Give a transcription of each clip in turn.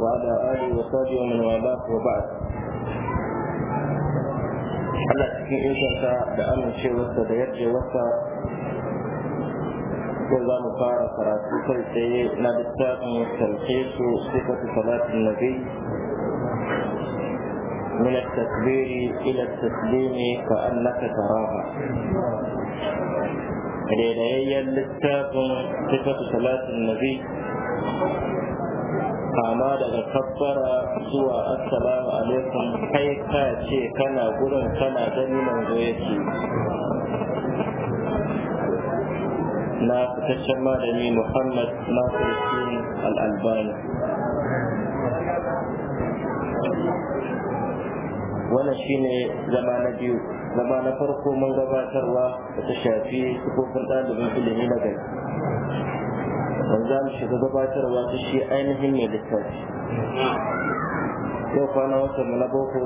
وعلى آله وصحبه ومن والاه وبعد Allah cikin insanta da amincewarsa da yarjewarsa ko za mu fara karatu kai tsaye na littafin talhisu sifatu salatin nabi من التكبير إلى التسليم كأنك تراها لدي للتاف صفة صلاة النبي kama daga kabbara zuwa assalamu alaikum kai ka ce kana gurin kana gani manzo yake na fitaccen malami muhammad nasiruddin al'albani wannan shine zama na biyu zama na farko mun gabatarwa da ta shafi sukofin ɗalibin ilimi na gari don za mu shiga gabatarwa ta shi ainihin mai littafi yau kwana watan na boko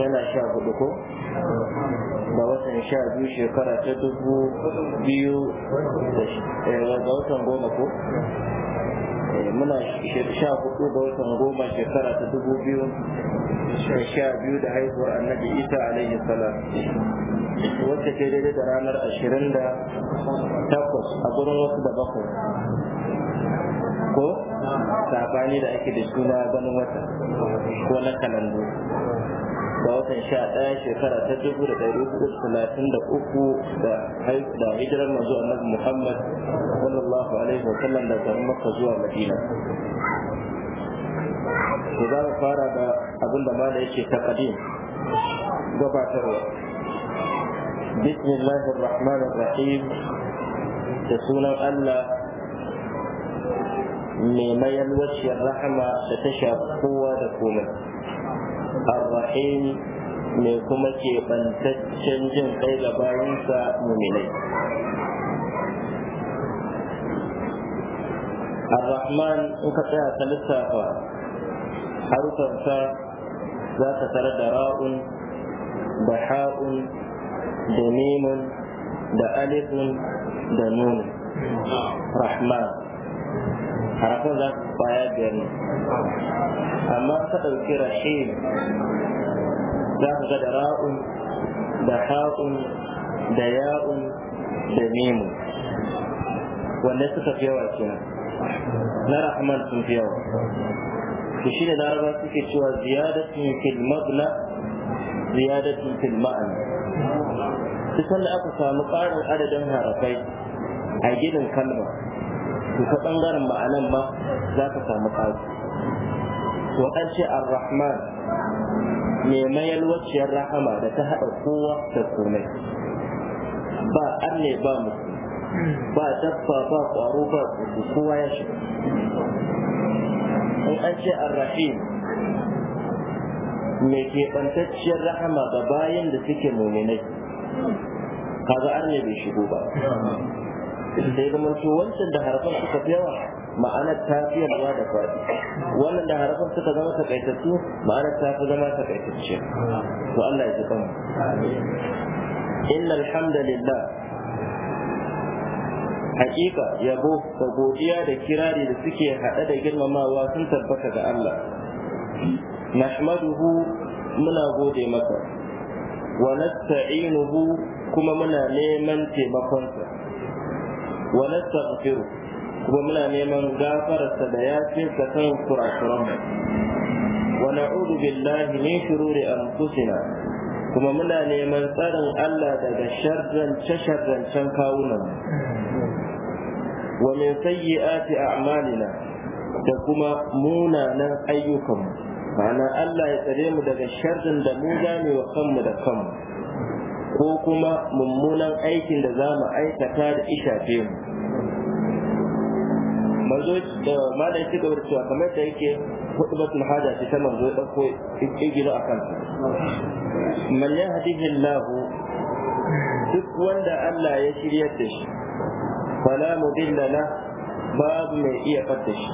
yana sha hudu ko ga watan sha biyu shekara ta dubu biyu eh, ga watan goma ko eh, muna sha hudu ga watan goma shekara ta dubu biyu sha biyu da haihuwar annabi isa alaihi salam wacce ke daidai da ranar ashirin da takwas a gurin wasu da bakwai ko sabani da ake da suna ganin wata ko na kalandu da watan sha ɗaya shekara ta dubu da ɗari hudu talatin da uku da hijirar manzo annabi muhammad sallallahu alaihi wa sallam da garin makka zuwa madina to za mu fara da abin da mala yake ta kadim gabatarwa بسم الله الرحمن الرحيم da sunan Allah mai mayan waciyar rahama da ta shafi kowa da komai arrahim mai kuma ke bantaccen jin kai ga bayansa muminai arrahman in ka tsaya ta lissafa harufansa za ta tare da ra'un da ha'un da mimun da alifun da nuna rahman harafin za su baya biyar ne amma ka ɗauki rahim za ka ga da ra'un da ha'un da ya'un da mimu wanda suka fi yawa kenan na rahman sun fi yawa to shine laraba suke cewa ziyadatun fil mabna ziyadatun fil ma'ana duk sanda aka samu ƙarin adadin harafai a ginin kalma to ta ɓangaren ma'anan ma za ka samu ƙari to an ce ar-rahman mai mayalwaciyar rahama da ta haɗa kowa da komai ba an ne ba mutum ba dabba ba ƙwaro ba tsuntsu kowa ya shiga in an ce ar-rahim mai keɓantacciyar rahama ga bayan da suke mummunai. kaga an ne bai shigo ba sai ga manto wancan da harafan suka fi yawa ma'anar ta fi yawa da faɗi wannan da harafan suka zama takaitattu ma'anar ta fi zama takaitacce to Allah ya ji kan innal alhamdulillah hakika yabo da godiya da kirari da suke haɗe da girmamawa sun tabbata ga Allah nahmaduhu muna gode masa wa nasta'inuhu kuma muna neman taimakonsa wa nastaghfiru kuma muna neman gafararsa da yafe ka kan kurakuran wa na'udu billahi min shururi anfusina kuma muna neman tsarin Allah daga sharrance-sharrancen kawunan wa min sayyi'ati a'malina da kuma munanan ayyukanmu ma'ana Allah ya tsare mu daga sharrin da mu zame wa kanmu da kanmu ko kuma mummunan aikin da za mu aikata da ishafe mu manzo da malam ya cigaba da cewa kamar da yake hutubatul hada ce ta manzo ɗauko igilo a kansa man yahdihi Allah duk wanda Allah ya shiryar da shi fala mudilla la babu mai iya fadda shi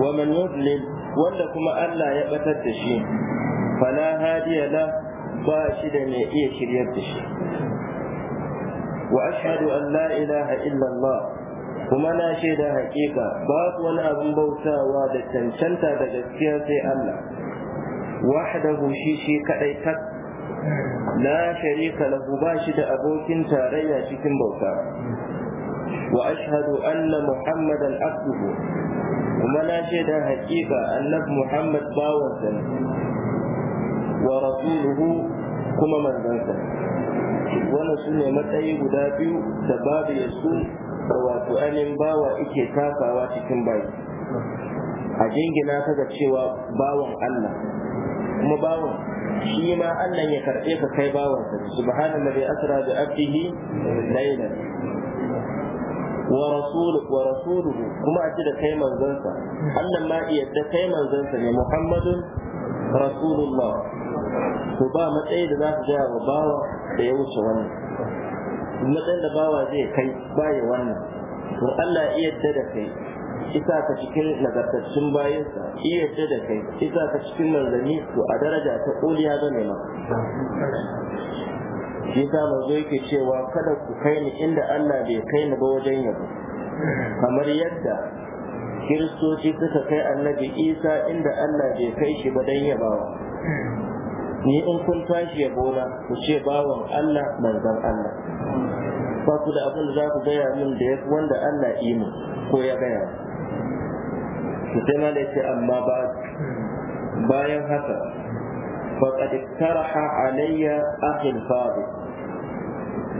wa man yudlil wanda kuma Allah ya batar da shi fala hadiya la ba shi da mai iya shiryar da shi wa ashhadu an la ilaha illa Allah kuma na shaida haƙiƙa babu wani abin bautawa da cancanta da gaskiya sai Allah wahdahu shi shi kadai tak la sharika lahu ba shi da abokin tarayya cikin bauta wa ashhadu anna muhammadan abduhu kuma na ce shaida haƙiƙa annabi muhammad bawansa ne wa rasuluhu kuma manzansa wannan su ne matsayi guda biyu da babu ya su da wato anin bawa ike takawa cikin bayi a jingina ka ga cewa bawan allah kuma bawan shi ma allah ya karɓe ka kai bawansa subhanallahi asra bi abdihi laylan wa rasuluhu kuma a ce da kai manzansa Allah ma yadda kai manzansa ne Muhammadun rasulullah to ba matsayi za ka gaya wa bawa da ya wuce wannan matsayin bawa zai kai baya wannan to Allah ya yadda kai isa ka cikin nagartaccen bayansa iya yadda kai isa ka cikin a daraja ta koliya zane shi yasa manzo yake cewa kada ku kai ni inda Allah bai kai ni ba wajen yabo kamar yadda kiristoci suka kai annabi isa inda Allah bai kai shi ba dan yabawa ni in kun tashi yabona ku ce bawan Allah manzon Allah ba ku da abin da za ku gaya min da ya wanda Allah imu ko ya gaya ku sai ma da ce amma ba bayan haka faqad iktaraha alayya akhi al-fadil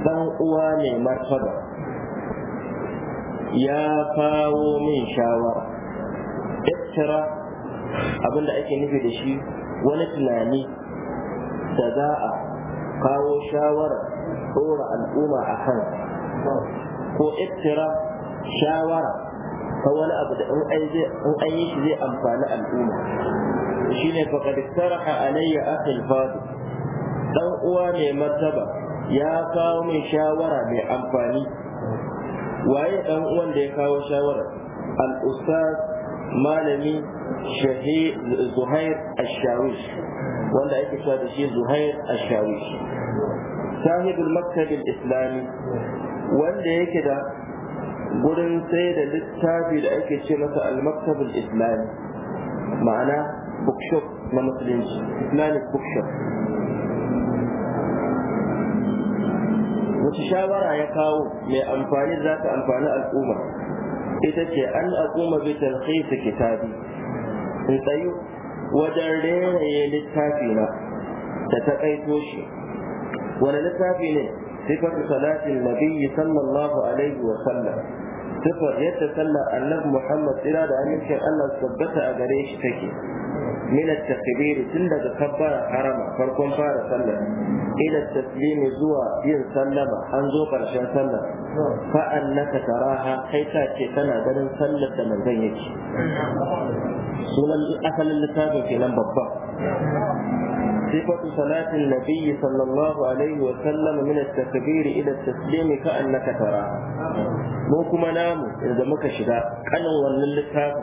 dan uwa ne martaba ya kawo min shawara iktara ake nufi da shi wani tunani da za a kawo shawara ɗora al'umma a kan ko iktira shawara ta wani abu da in an yi shi zai amfani al'umma shine faqad taraha alayya akhi al-fadil dan uwa mai martaba ya kawo min shawara mai amfani waye dan uwan da ya kawo shawara al-ustaz malami shahi zuhair ash-shawish wanda ake cewa da shi zuhair ash-shawish maktab al-islami wanda yake da gurin sai da littafi da ake ce masa al-maktab al-islami ma'ana bookshop na musulunci islamic bookshop wace shawara ya kawo mai amfani za ta amfani al'umma ita ce an al'umma bi talhisa kitabi in tsayu wajen reraye littafi na da ta kaito shi wani littafi ne sifatu salatin nabiyyi sallallahu alaihi wa sallam sifar yadda sallar annabi muhammad tsira da amincin allah tabbata a gare shi take min at-takbir tun daga kabbara harama farkon fara sallah ila taslim zuwa yin sallama an zo karshen sallah fa annaka taraha kai ka ce kana ganin sallar da manzon sunan kenan صفة صلاة النبي صلى الله عليه وسلم من التكبير إلى التسليم كأنك تراه. مو كما نامو إذا مكشدا كانوا وللتابو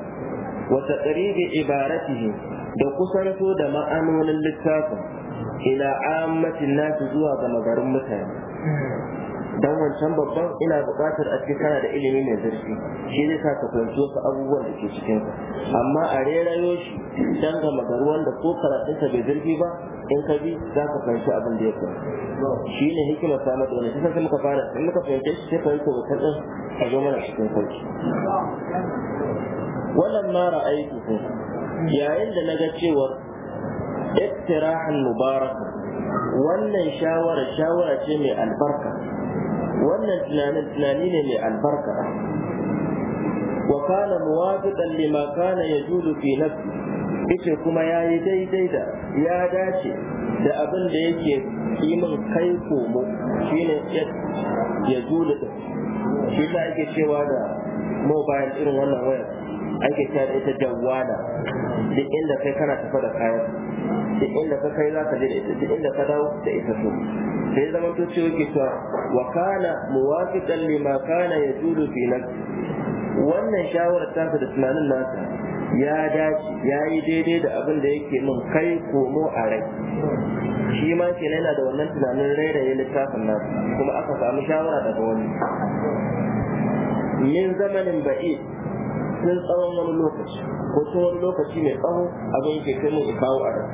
wata ƙaribi ibaratihi da kusanto da ma'anonin littafin ila ammatin nasu zuwa ga magarin mutane dan wancan babban ina buƙatar a cikin kana da ilimi mai zurfi shi ne sa ka fahimci wasu abubuwan da ke cikin amma a rerayo shi dan ga magaru wanda ko karatunsa bai zurfi ba in ka bi za ka fahimci abin da ya kai shi ne hikima samar da wani shi sai muka fara in muka fahimce shi sai fahimta wata ɗin a zo mana cikin sauki wannan mara aiki yayin da na ga cewar iktirahan mubarak wannan shawara shawara ce mai albarka wannan tunanin tunani ne mai albarka wa kana muwafiqan lima kana yajudu fi nafsi yace kuma yayi daidai da ya dace da abin da yake kimin kai komo shine yajudu shi da ake cewa da mobile irin wannan wayar ake ta da ita jawwala duk inda kai kana tafa da kayan duk inda ka kai za ka je da ita duk inda ka dawo da ita so sai zama to ce yake cewa wa kana muwafiqan lima kana yajudu fi nafsi wannan shawarar ta da tunanin nasa ya dace ya yi daidai da abin da yake min kai komo a rai shi ma ke yana da wannan tunanin rairaye littafin nasa kuma aka samu shawara daga wani min zamanin ba'i tun tsawon wani lokaci ko tun wani lokaci mai tsawo abin yake kai mun kawo a rai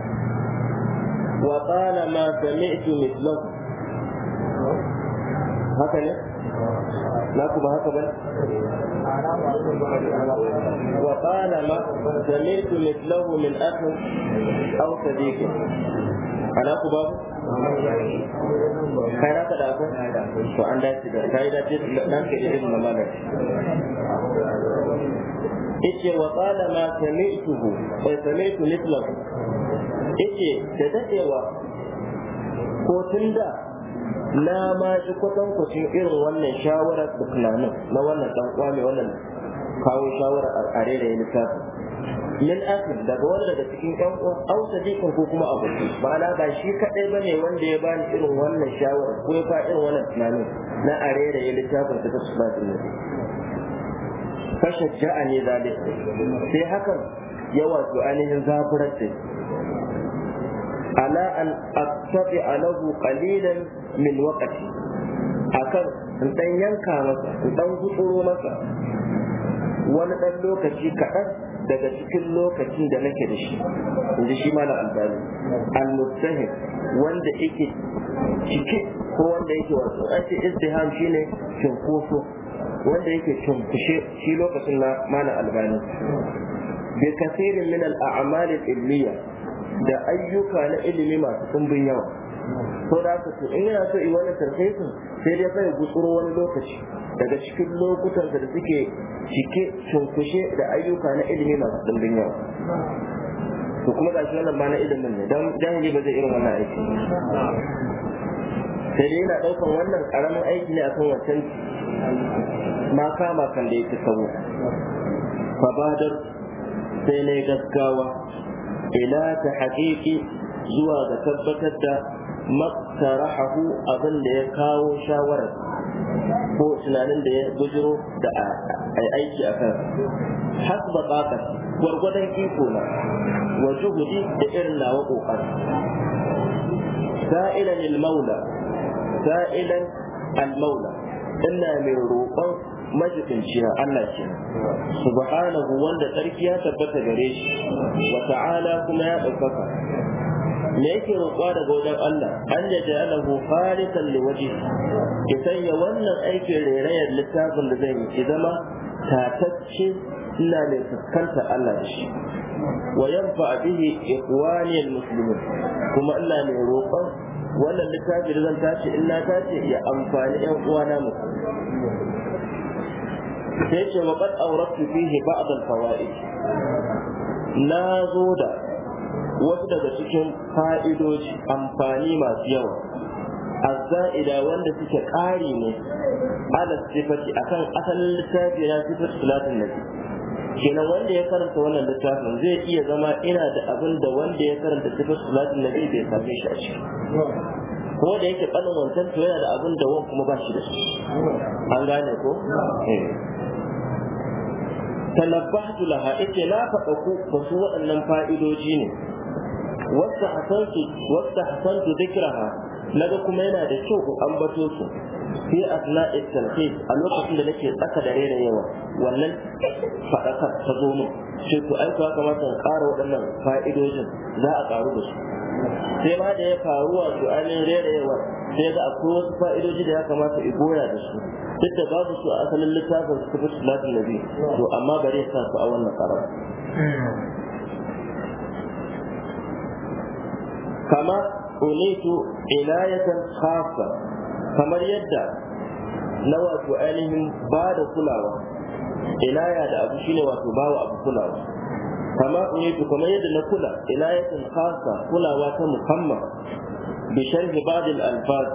wa qala ma sami'tu mithlahu haka ne na ku ba haka ba wa qala ma sami'tu mithlahu min akhin aw sadiqin ana ku babu kai na ka da aka? to an dace da kai dace dan da irin mamala yace wa qala ma sami'tuhu wa eh, sami'tu mithlahu yace da dadewa ko tun da na ma shi kwatan kwacin irin wannan shawarar da tunanin na wannan dan kwame wannan kawo shawarar are da ya lissafi min asin daga wanda daga cikin yan uwan au sadiqin ko kuma aboki ma'ana ba shi kadai bane wanda ya bani irin wannan shawara ko ya fa irin wannan tunanin na are da ya littafin da ta su ba fashajja'a ne zalik sai hakan ya wato ainihin zafirar da ala an attabi alahu qalilan min waqti akan in dan yanka masa in dan gutsuro masa wani dan lokaci kaɗan daga cikin lokacin da nake da shi inji shi mana albani al-mustahim wanda yake cike ko wanda yake wato ake istiham shine cinkoso wanda yake tumfushe shi lokacin na mana albani bi kasirin min al-a'mal al-ilmiya da ayyuka na ilimi masu kumbin yawa ko da su in yana so yi wani tarfesin sai dai sai gutsuro wani lokaci daga cikin lokutan da suke cike cunkushe da ayyuka na ilimi masu kumbin yawa to kuma gashi wannan ba na ilimin ne dan jahili ba zai irin wannan aiki sai dai yana daukan wannan karamin aiki ne akan wancan ma kama kan da yake sabo fabadar sai ne gaskawa ila ta haƙiƙi zuwa ga tabbatar da maktarahu abin da ya kawo shawarar ko tunanin da ya gujiro da aiki a kan hasba bakar gwargwadon iko na wa da irin nawa kokari sa'ilan lil sa al-maula ina mai roƙon majibinciya Allah ke subhanahu wanda tsarki ya tabbata gare shi wa kuma ya ɗaukaka me yake roƙa daga wajen Allah an ya ji alahu waje ki sanya wannan aikin rairayar littafin da zai yi ki zama tatacce ina mai fuskanta Allah da shi wa yanfa bihi ikhwani al-muslimin kuma ina mai roƙon wannan littafi da zan tace in na tace ya amfani yan uwana mu sai ce wa qad awrattu fihi ba'd al-fawaid na zo da wasu daga cikin fa'idoji amfani masu yawa azza'ida wanda suke ƙari ne ala sifati akan asalin littafi na sifatu salatin nabi kenan wanda ya karanta wannan littafin zai iya zama ina da abin da wanda ya karanta sifar salatin nabi bai same shi a ciki ko da yake kanin wancan to yana da abin da wan kuma ba shi da shi an gane ko eh. tanabbahtu laha ita na faɗa ku ba su waɗannan fa'idoji ne wasta hasantu wasta hasantu dhikraha naga kuma yana da kyau ku ambato su fi asna'i talqi a lokacin da nake tsaka da rera yawa wannan fadakar ta zo min sai ku aika kamata in ƙara waɗannan fa'idojin za a ƙaru da su sai ma da ya faru wato ainihin rera yawa sai ga akwai wasu fa'idoji da ya kamata in goya da su duk da babu su a asalin littafin su tafi salatin nabi to amma bare sa su a wannan ƙarar kama unaitu inayatan khassa kamar yadda na wato ainihin ba da kulawa inaya da abu shine wato ba wa abu kulawa kama unitu kamar yadda na kula inayatun khasa kulawa ta musamman bi sharhi ba'dil alfaz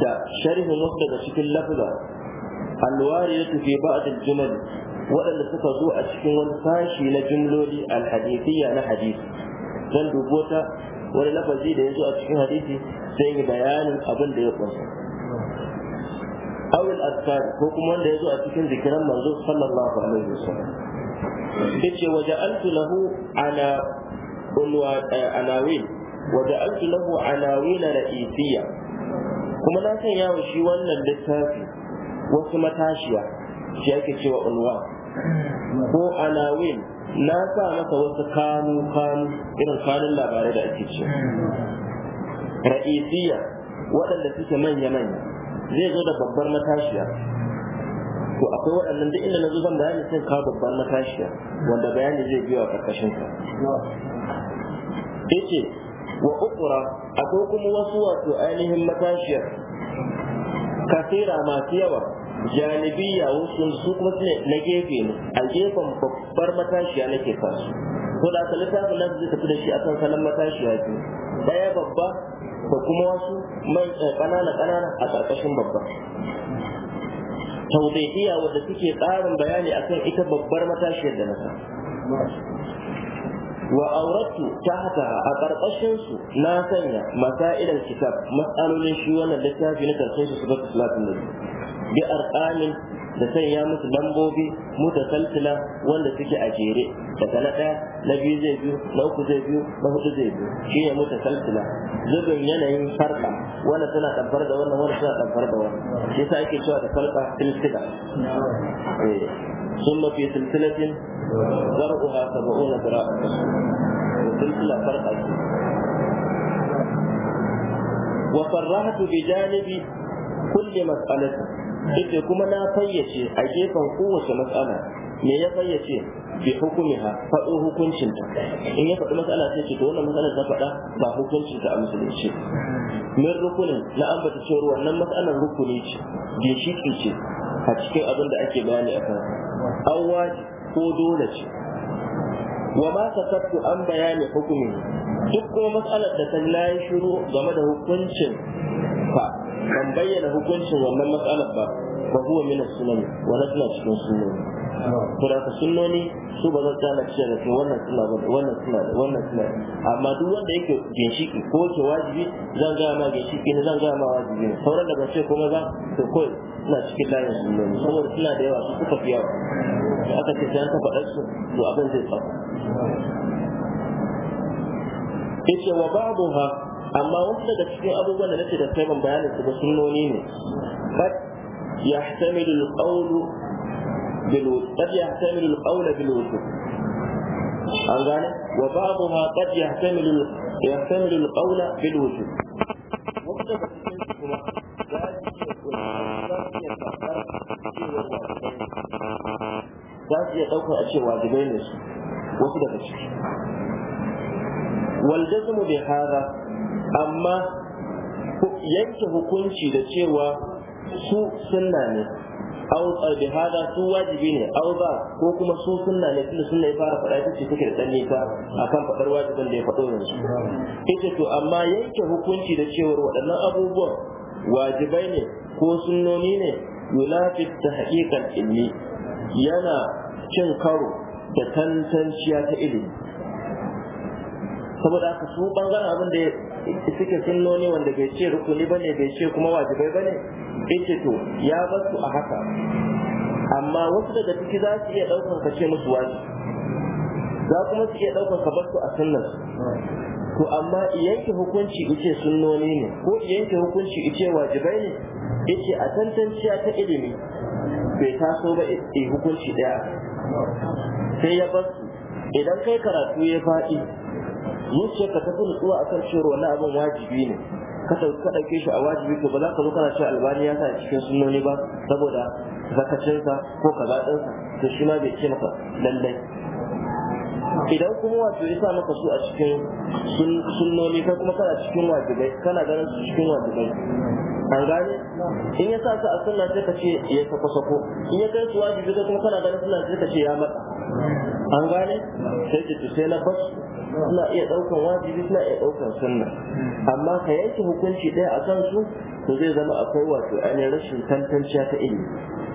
da sharhi wasu daga cikin lafza alwariyatu fi ba'dil jumal waɗanda suka zo a cikin wani sashi na jumloli alhadithiyya na hadisi zan dubo ta wani lafazi da ya zo a cikin hadisi sai yi bayanin abin da ya ƙunsa awil الأذكار ko kuma wanda ya zo a cikin الله manzo sallallahu alaihi وجعلت له على ja'altu وجعلت له unwa رئيسية wa kuma na san yawon shi wannan littafi wasu matashiya shi ake cewa unwa ko anawin na sa masa wasu kanu kanu irin kanun labarai da ake ce ra'isiyya waɗanda suke manya-manya zai zo da babbar matashiya to akwai waɗannan duk inda na zo zan bayani sai kawo babbar matashiya wanda bayani zai biyo a ƙarƙashin ka yace wa ukura akwai kuma wasu wato ainihin matashiyar kasira masu yawa janibiya wasu su kuma su na gefe ne a gefen babbar matashiya nake fasu ko da aka littafin nan zai tafi da shi kan salon matashiya ke ɗaya babba da kuma wasu mai kanana eh, kanana a karkashin babba tawbihiya wadda suke tsarin bayani akan ita babbar matashiyar da nasa wa auratu ta haka a karkashin su na sanya masailan kitab matsalolin shi wannan littafi na karshen shi su ga da bi arqamin da sanya musu lambobi mutasalsila wanda suke a jere daga na ɗaya na biyu zai biyu na uku zai biyu na hudu zai biyu shi ne mutasalsila zubin yanayin farka wanda suna ɗamfar da wannan wanda suna ɗamfar da wannan shi yasa ake cewa da farka silsila ثم في سلسلة ذرعها سبعون ذراعا سلسلة فرقة وفرحت بجانب Kulle matsalar ita kuma na fayyace a gefen kowace matsala, me ya fayyace bi hukumiha faɗo hukuncinta in ya faɗi matsala sai ce to wannan matsalar ta faɗa ba hukuncinta a musulunci min rukunin na ambata cewar wannan matsalar rukuni ce ginshiki ce a cikin abin da ake bayani a kan awwa ko dole ce wa ma sakattu an bayani hukumi duk kuma matsalar da ta layi shiru game da hukuncin ban bayyana hukuncin wannan matsalar ba ba huwa min sunani wannan suna cikin sunani. ko da sunnoni su ba zan tsana cewa da wannan suna ba wannan suna wannan suna amma duk wanda yake ginshiki ko yake wajibi zan ga ma ginshiki ne zan ga ma wajibi ne sauran da ban ce kuma za to kawai suna cikin layin sunani. saboda suna da yawa su suka fi yawa da aka ce sai an ka faɗa su to abin zai tsafa yace wa ha? amma wasu daga cikin abubuwan da nake da kai bayanin su ba sunnoni ne qad yahtamilu al-qawlu bil qad yahtamilu al-qawla bil wujub an gane wa ba'dha qad yahtamilu yahtamilu al-qawla bil wujub wasu daga cikin kuma za su iya ɗaukar za su iya ɗaukar a ce wajibai ne su wasu daga ciki wal jazmu bi hadha amma yanke hukunci da cewa su sunna ne au bi hada su wajibi ne au ba ko kuma su sunna ne tunda sunna ya fara faɗa ita ce take da tsanni ta akan faɗar wajibin da ya faɗo yanzu ita to amma yanke hukunci da cewar waɗannan abubuwan wajibai ne ko sunnoni ne yulafi ta haƙiƙar ilmi yana cin karo da tantanciya ta ilimi saboda haka su ɓangaren abin da suke sunnoni wanda bai ce rukuni bane bai ce kuma wajibai bane ita to ya bar su a haka amma wasu daga ciki za su iya daukan ka ce musu wajibi za kuma su iya daukan ka bar su a sunnan to amma yanke hukunci ice sunnoni ne ko yanke hukunci ice wajibai ne yace a tantanciya ta ilimi bai taso ba eh, hukunci daya sai ya bar idan kai karatu ya faɗi yace ka tafi nutsuwa akan cewa wannan abin wajibi ne ka ka ɗauke shi a wajibi to ba za ka zo kana cewa albani ya sa cikin sunnoni ba saboda zakacinsa ko kaza ɗinsa to shi ma bai ce maka lallai idan kuma wato ya sa maka su a cikin sunnoni kai kuma kana cikin wajibai kana ganin su cikin wajibai an gane in ya sa su a sunna sai ka ce ya sako sako in ya kai su wajibi kai kuma kana ganin sunna sai ka ce ya maka an gane sai ce to sai na basu suna iya ɗaukan wajibi suna iya ɗaukan sunna amma ka yanke hukunci ɗaya a kan su to zai zama akwai wato ainihin rashin tantanciya ta ilimi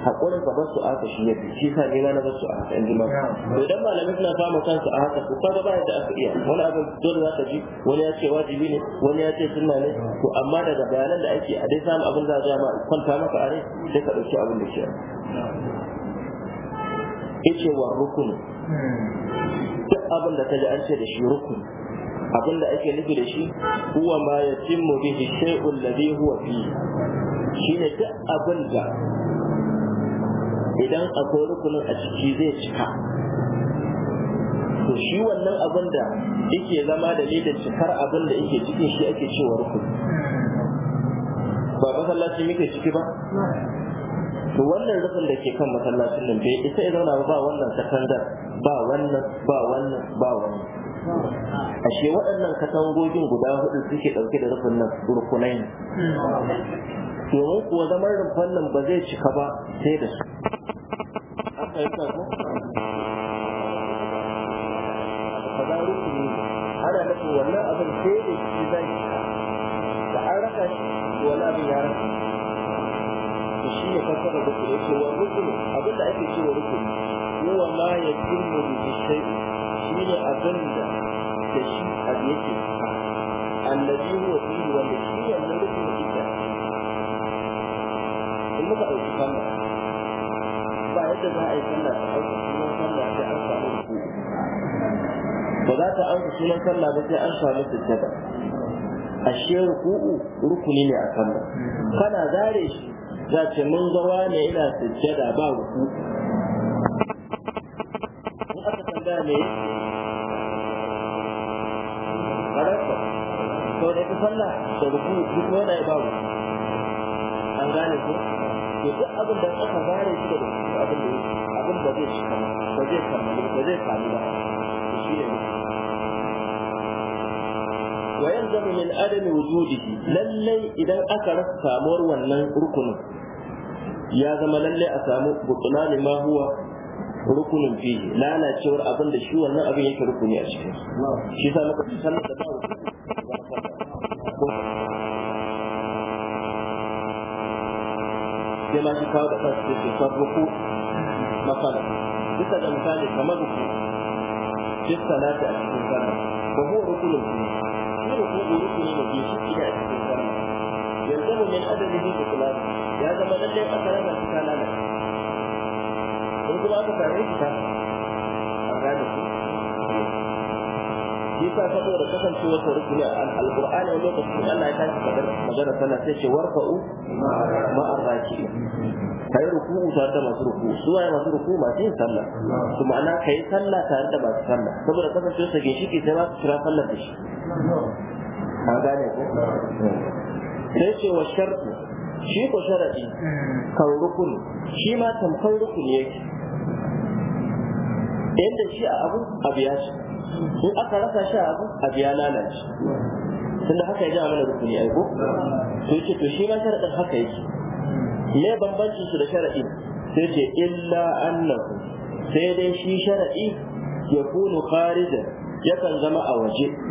haƙurin ka basu aka shi ya shi sa ne na basu a haka inji to idan malamai suna samu kansu a haka to kaga ba yadda aka iya wani abin dole za ka ji wani ya ce wajibi ne wani ya ce sunna ne to amma daga bayanan da ake a dai samun abin za a ma kwanta maka a rai sai ka ɗauki abin da ke yace wa rukun hmm. abin da ji an ce da shi rukun, abin da ake nufi da shi huwa ma ya cimmu bi shay'un ladhi huwa fi ne duk abin da idan akwai rukunin a ciki zai cika to shi wannan abin da yake zama da da cikar abin da yake cikin shi ake cewa rukun ba masallaci muke ciki ba to wannan rufin da ke kan masallacin nan bai isa idan zauna ba wannan sakandar ba wannan ba wannan ba wannan ashe waɗannan katangogin guda hudu suke ɗauke da rufin nan rukunai domin kuwa zaman rufin nan ba zai cika ba sai da su ana nufin wannan abin sai da shi zai da an raka shi wani abin ya raka to shi ne fassara da kuma cewa rukun abin da ake cewa rukun huwa ma ya kimmu bi shay shi ne abin da da shi abu yake ka allazi huwa fi wanda shi wannan rukun yake in muka ɗauki sallah ba yadda za a yi sallah ta ɗauka sunan sallah sai an samu rukun ba za ta ɗauka sunan sallah ba sai an samu sujjada ashe ruku'u rukuni ne a sallah kana zare shi za ce mun ga wane yana sujjada ba ruku in aka tambaya me karanta to da ku sallah da ruku duk wanda ya ba ruku an gane ku to duk abin da aka bare shi da ruku abin da abin da zai shi ba zai kamu ba zai kamu ba shi ne wa yanzamu min adami wujudihi lallai idan aka rasa samuwar wannan rukunin ya zama lallai a samu butulani ma huwa rukunin fi lalacewar abin da shi wannan abin yake rukuni a cikin shi sa muka ci sallar da ba sai ma shi kawo da kansu da shekar ruku masala duka da misali kamar ruku fi salati a cikin sallah ba huwa rukunin fihi al'amaru ko bi rukuni da biyu shi da cikin sarma yanzu mu min adami bi da kula ya zama lallai a sarama ta lana Kun kuma aka fahimci ta a gane su yasa saboda kasancewar ta rukuni al-Qur'ani wani lokacin Allah ya tashi magana sana sai ce warfa'u ma'ar raki'in kai ruku'u tare da masu ruku'u su waye masu ruku'u masu yin sallah su ma'ana kai sallah tare da masu sallah saboda kasance sa ginshiki sai ma su kira sallar da shi an gane ko sai ce wa sharɗi shi ko sharaɗi kan rukuni shi ma tamkar rukuni yake yadda shi a abu a biya shi in aka rasa shi a abu a biya lalace tunda haka ya ja mana rukuni ai ko to ce to shi ma sharaɗin haka yake me bambancin su da sharaɗi sai ce illa annahu sai dai shi sharaɗi ya kunu kharijan yakan zama a waje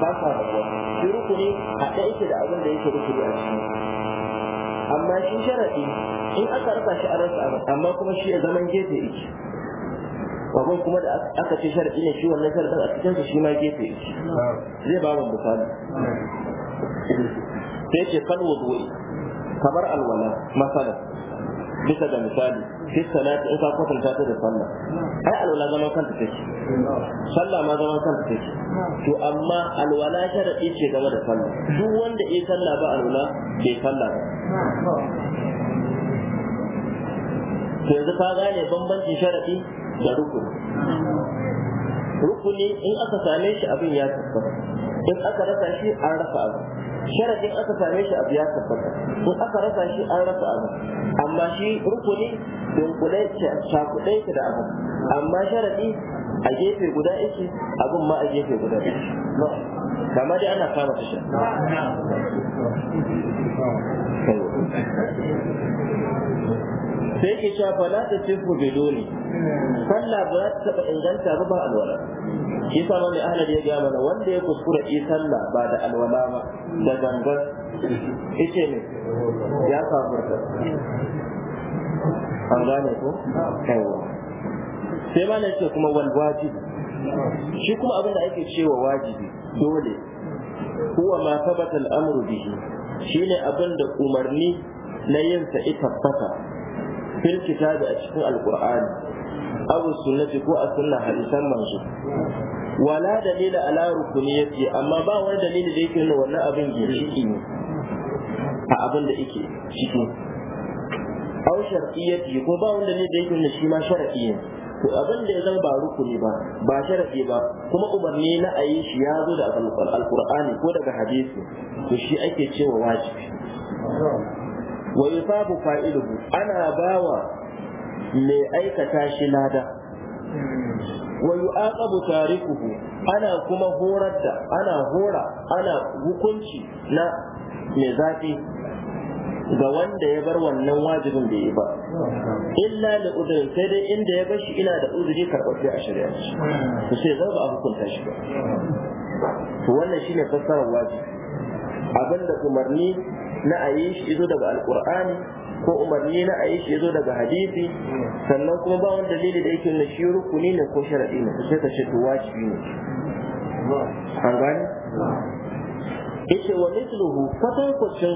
ba sa ruwa shi rukuni ta yake da abin da yake rukuni a cikin amma shi sharaɗi in aka rasa shi a rasa amma kuma shi ya zaman gefe yake babban kuma da aka ce sharaɗi ne shi wannan sharaɗin a cikin shi ma gefe yake zai ba mu misali sai ce kalwa zuwa kamar alwala masalan bisa ga misali fi salati in ka kwatanta ta da sallah ai alwala zaman kanta take sallah ma zaman kanta take to amma alwala sharadi ce game da sallah duk wanda ya sallah ba alwala bai sallah ba to yanzu ka gane bambancin sharadi da rukuni rukuni in aka same shi abin ya tabbata in aka rasa shi an rasa abu sharadin aka same shi abu ya tabbata in aka rasa shi an rasa abu amma shi rukuni dunkulai cakudai ta da abu amma sharadi a gefe guda yake abun ma a gefe guda yake kama dai ana kama ta shan sai ke shafa la ta sifu bidoni sallah ba za ta taɓa inganta ba ba alwala Isa ma ne ahla ya ga mana wanda ya kuskura yi sallah ba da alwala ba da gangan yace ne ya samu an gane ko kaiwa sai ma ce kuma wal wajibi shi kuma abin da ake cewa wajibi dole huwa ma sabata al bihi shine abin da umarni na yin sa ita tabbata fil kitabi a cikin alqur'ani abu sunnati ko a sunna hadisan manzo wala dalila ala rukuniyati amma ba wani dalili da yake nuna wannan abin shi ne a abin da yake ciki au shar'iyyati ko ba wani dalili da yake nuna shi ma shar'i ne to abin da ya zama ba rukuni ba ba shar'i ba kuma umarni na ayi shi ya zo da alqur'ani ko daga hadisi to shi ake cewa wajibi wa yusabu fa'iluhu ana bawa mai aikata shi lada wa yu'aqabu tarikuhu ana kuma horar da ana hora ana hukunci na me zafi ga wanda ya bar wannan wajibin da yi ba illa da uzurin sai dai inda ya bashi ina da uzuri karɓaɓɓe a shari'a to sai zan ba a hukunta shi ba to wannan shine fassarar wajibi abinda umarni na a yi shi izo daga alƙur'ani ko umarni na a yi shi zo daga hadisi sannan kuma ba wani dalili da yake nuna shi rukuni ne ko sharaɗi ne sai ka ce to wajibi ne an gane yace wa mithluhu kwatankwacin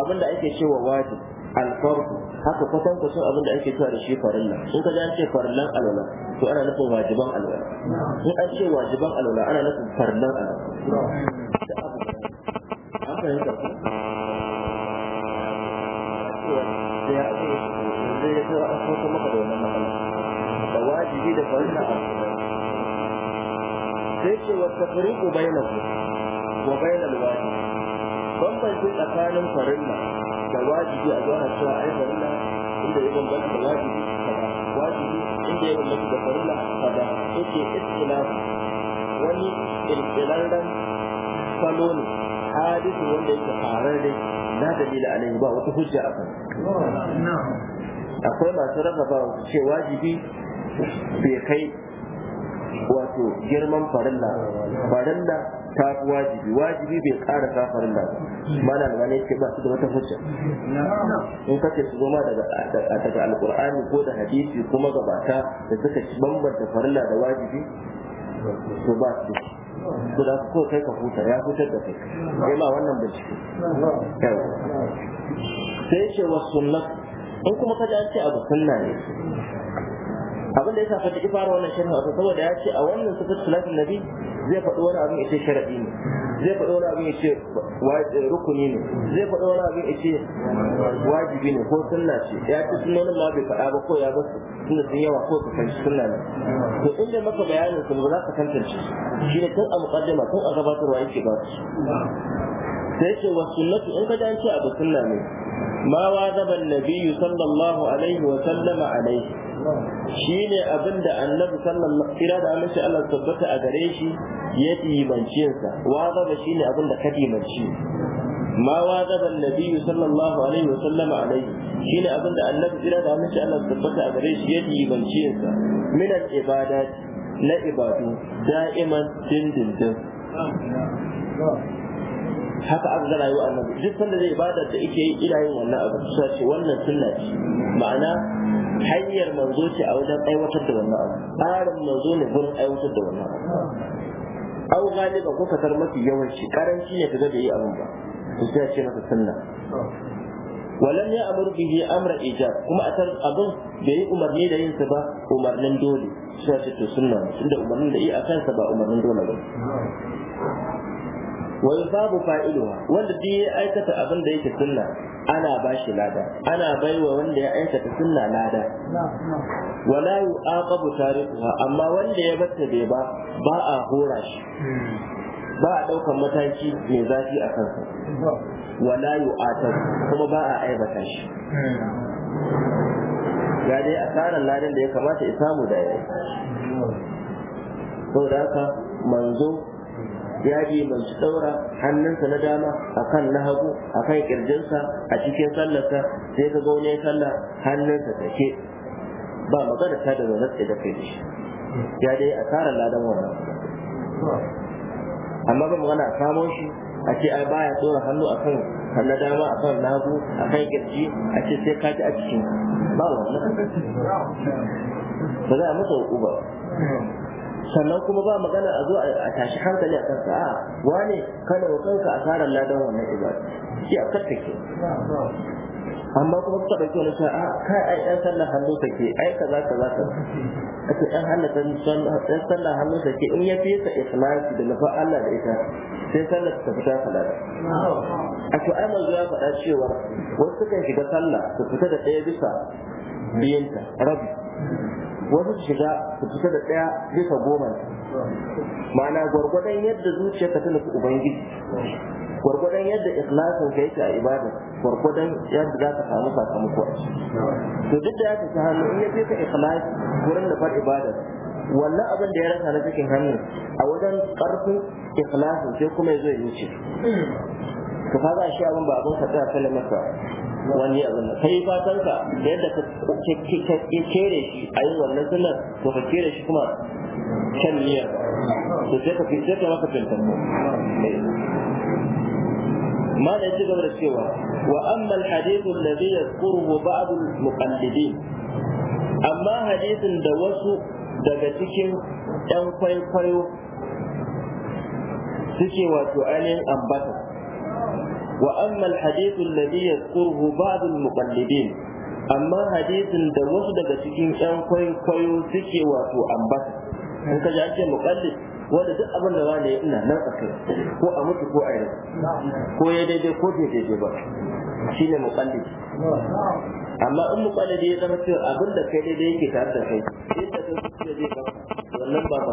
abin da ake cewa wajib alfarku, haka kwatankwacin abin da ake cewa da shi farilla in ka an ce farillan alwala to ana nufin wajiban alwala in an ce wajiban alwala ana nufin farillan alwala da abu an fahimta da farilla a sai ce wa tafriqu bainahu wa bainal wajib bambanci tsakanin farilla da wajibi a zuwa cewa ai farilla inda ya bambanta da wajibi kada wajibi inda ya bambanta da farilla kada yake istilafi wani kirkirarren falo ne hadisi wanda yake fararre na dalila alaihi ba wata hujja a kan akwai masu rarraba ce wajibi bai kai wato girman farilla farilla ta fi wajibi wajibi bai ƙara ta farilla mana da mana yake ba su da wata hujja in kace su goma daga alƙur'ani ko da hadisi kuma gabata da suka bambanta farilla da wajibi to ba su to da ko kai ka huta ya huta da kai Sai ma wannan bincike sai ce wasu in kuma ka an ce abu sunna ne abin da ya safa ki fara wannan sharhi wato saboda ya ce a wannan sifat salatin nabi zai faɗi wani abin ya ce sharadi ne zai faɗi wani abin ya ce eh, rukuni ne zai faɗi wani abin ya ce wajibi ne ko sunna ce ya ce sunnonin ma bai faɗa ba ko ya ba su tunda sun yawa ko su san sunna ne to inda maka bayanin sun ba za ka tantance shi ne tun a muqaddima tun a gabatarwa yake ba su sai ce wa sunnatu in ka dace abu sunna ne ma wa zaban nabiyyu sallallahu alaihi wa sallama alaihi Shi ne abin da annabi sallallahu alaihi da amince Allah tabbata a gare shi ya dimance sa shi ne abin da ka dimance ma wazaba annabi sallallahu alaihi wasallam alaihi ne abin da annabi kira da amince Allah tabbata a gare shi ya dimance sa min al ibadat na ibadu da'iman dindindin haka aka ga rayuwa annabi duk sanda zai ibada da yake yi ina yin wannan abu sai ce wannan sunna ce ma'ana hanyar manzo ce a wajen aiwatar da wannan abu tsarin manzo ne gurin aiwatar da wannan abu au galiba ko fatar mafi yawanci karanci ne kaga da yi abin ba to sai ce masa sunna walam ya amur bihi amra ijab kuma a tar abin bai yi umarni da yin sa ba umarnin dole sai ce to sunna tunda umarnin da yi a kansa ba umarnin dole ba wai babu fa'iluwa wanda duk ya aikata abin da yake sunna ana ba shi lada ana baiwa wanda ya aikata sunna lada wala yu'aqabu tarikuha amma wanda ya bata bai ba ba a hora shi ba a daukan mataki mai zafi a kansa wala yu'atab kuma ba a aibata shi ya dai tsara ladan da ya kamata ya samu da yayi saboda haka manzo yadi mai daura hannunsa na dama a kan na hagu a kan kirjinsa a cikin sallarsa sai ka ga ya sallah hannunsa take ba magana ta da zaune da kai shi ya dai tsara ladan wannan amma ba magana a samo shi a ce ai baya tsora hannu a kan na dama a kan na hagu kan kirji a ce sai ka ji a cikin ba wannan ba za a masa hukuba sannan kuma ba magana a zo a tashi hankali a kanka a wane kana wa kanka a asarar ladan wannan ibada shi a ke. amma kuma suka ɗauki wani sa kai ai ɗan sallah hannu sake ai kaza kaza ka ake ɗan halatta ɗan sallah hannu sake in ya fesa ikhlasi da nufa Allah da ita sai sallah ta fita salat a to ai manzo ya faɗa cewa wasu sukan shiga sallah su fita da ɗaya bisa biyanta rabi wasu su shiga su fita da ɗaya bisa goma ma'ana gwargwadon yadda zuciya ka tana ubangiji gwargwadon yadda ikhlasin ka yake a ibada gwargwadon yadda za ka samu sakamako to duk da ya tafi hannu in ya fi ka ikhlasi wurin da far ibada wannan abin da ya rasa na cikin hannu a wajen karfin ikhlasin sai kuma ya zo ya wuce ka a shi abin ba abin ka tsaya kalamar wani abin da kai fatan ka da yadda ka kere shi a yi wannan sunan to ka kere shi kuma kan niyyar to sai ka fice ka maka fintan ما لا يجب السوى وأما الحديث الذي يذكره بعض المقلدين أما حديث دوسو دقتكم kwaikwayo suke wato ainihin ambata وأما الحديث الذي يذكره بعض المقلدين أما حديث da wasu daga cikin ƴan kwaikwayo suke wato ambata in ka ji an ce muqallid wanda duk abin da wani ya ina nan akai ko a mutu ko a yi ko ya daidai ko bai daidai ba Shi ne muqallid amma in muqallid ya zama cewa abin da kai daidai yake tare da kai yadda kai zai ba wannan ba ba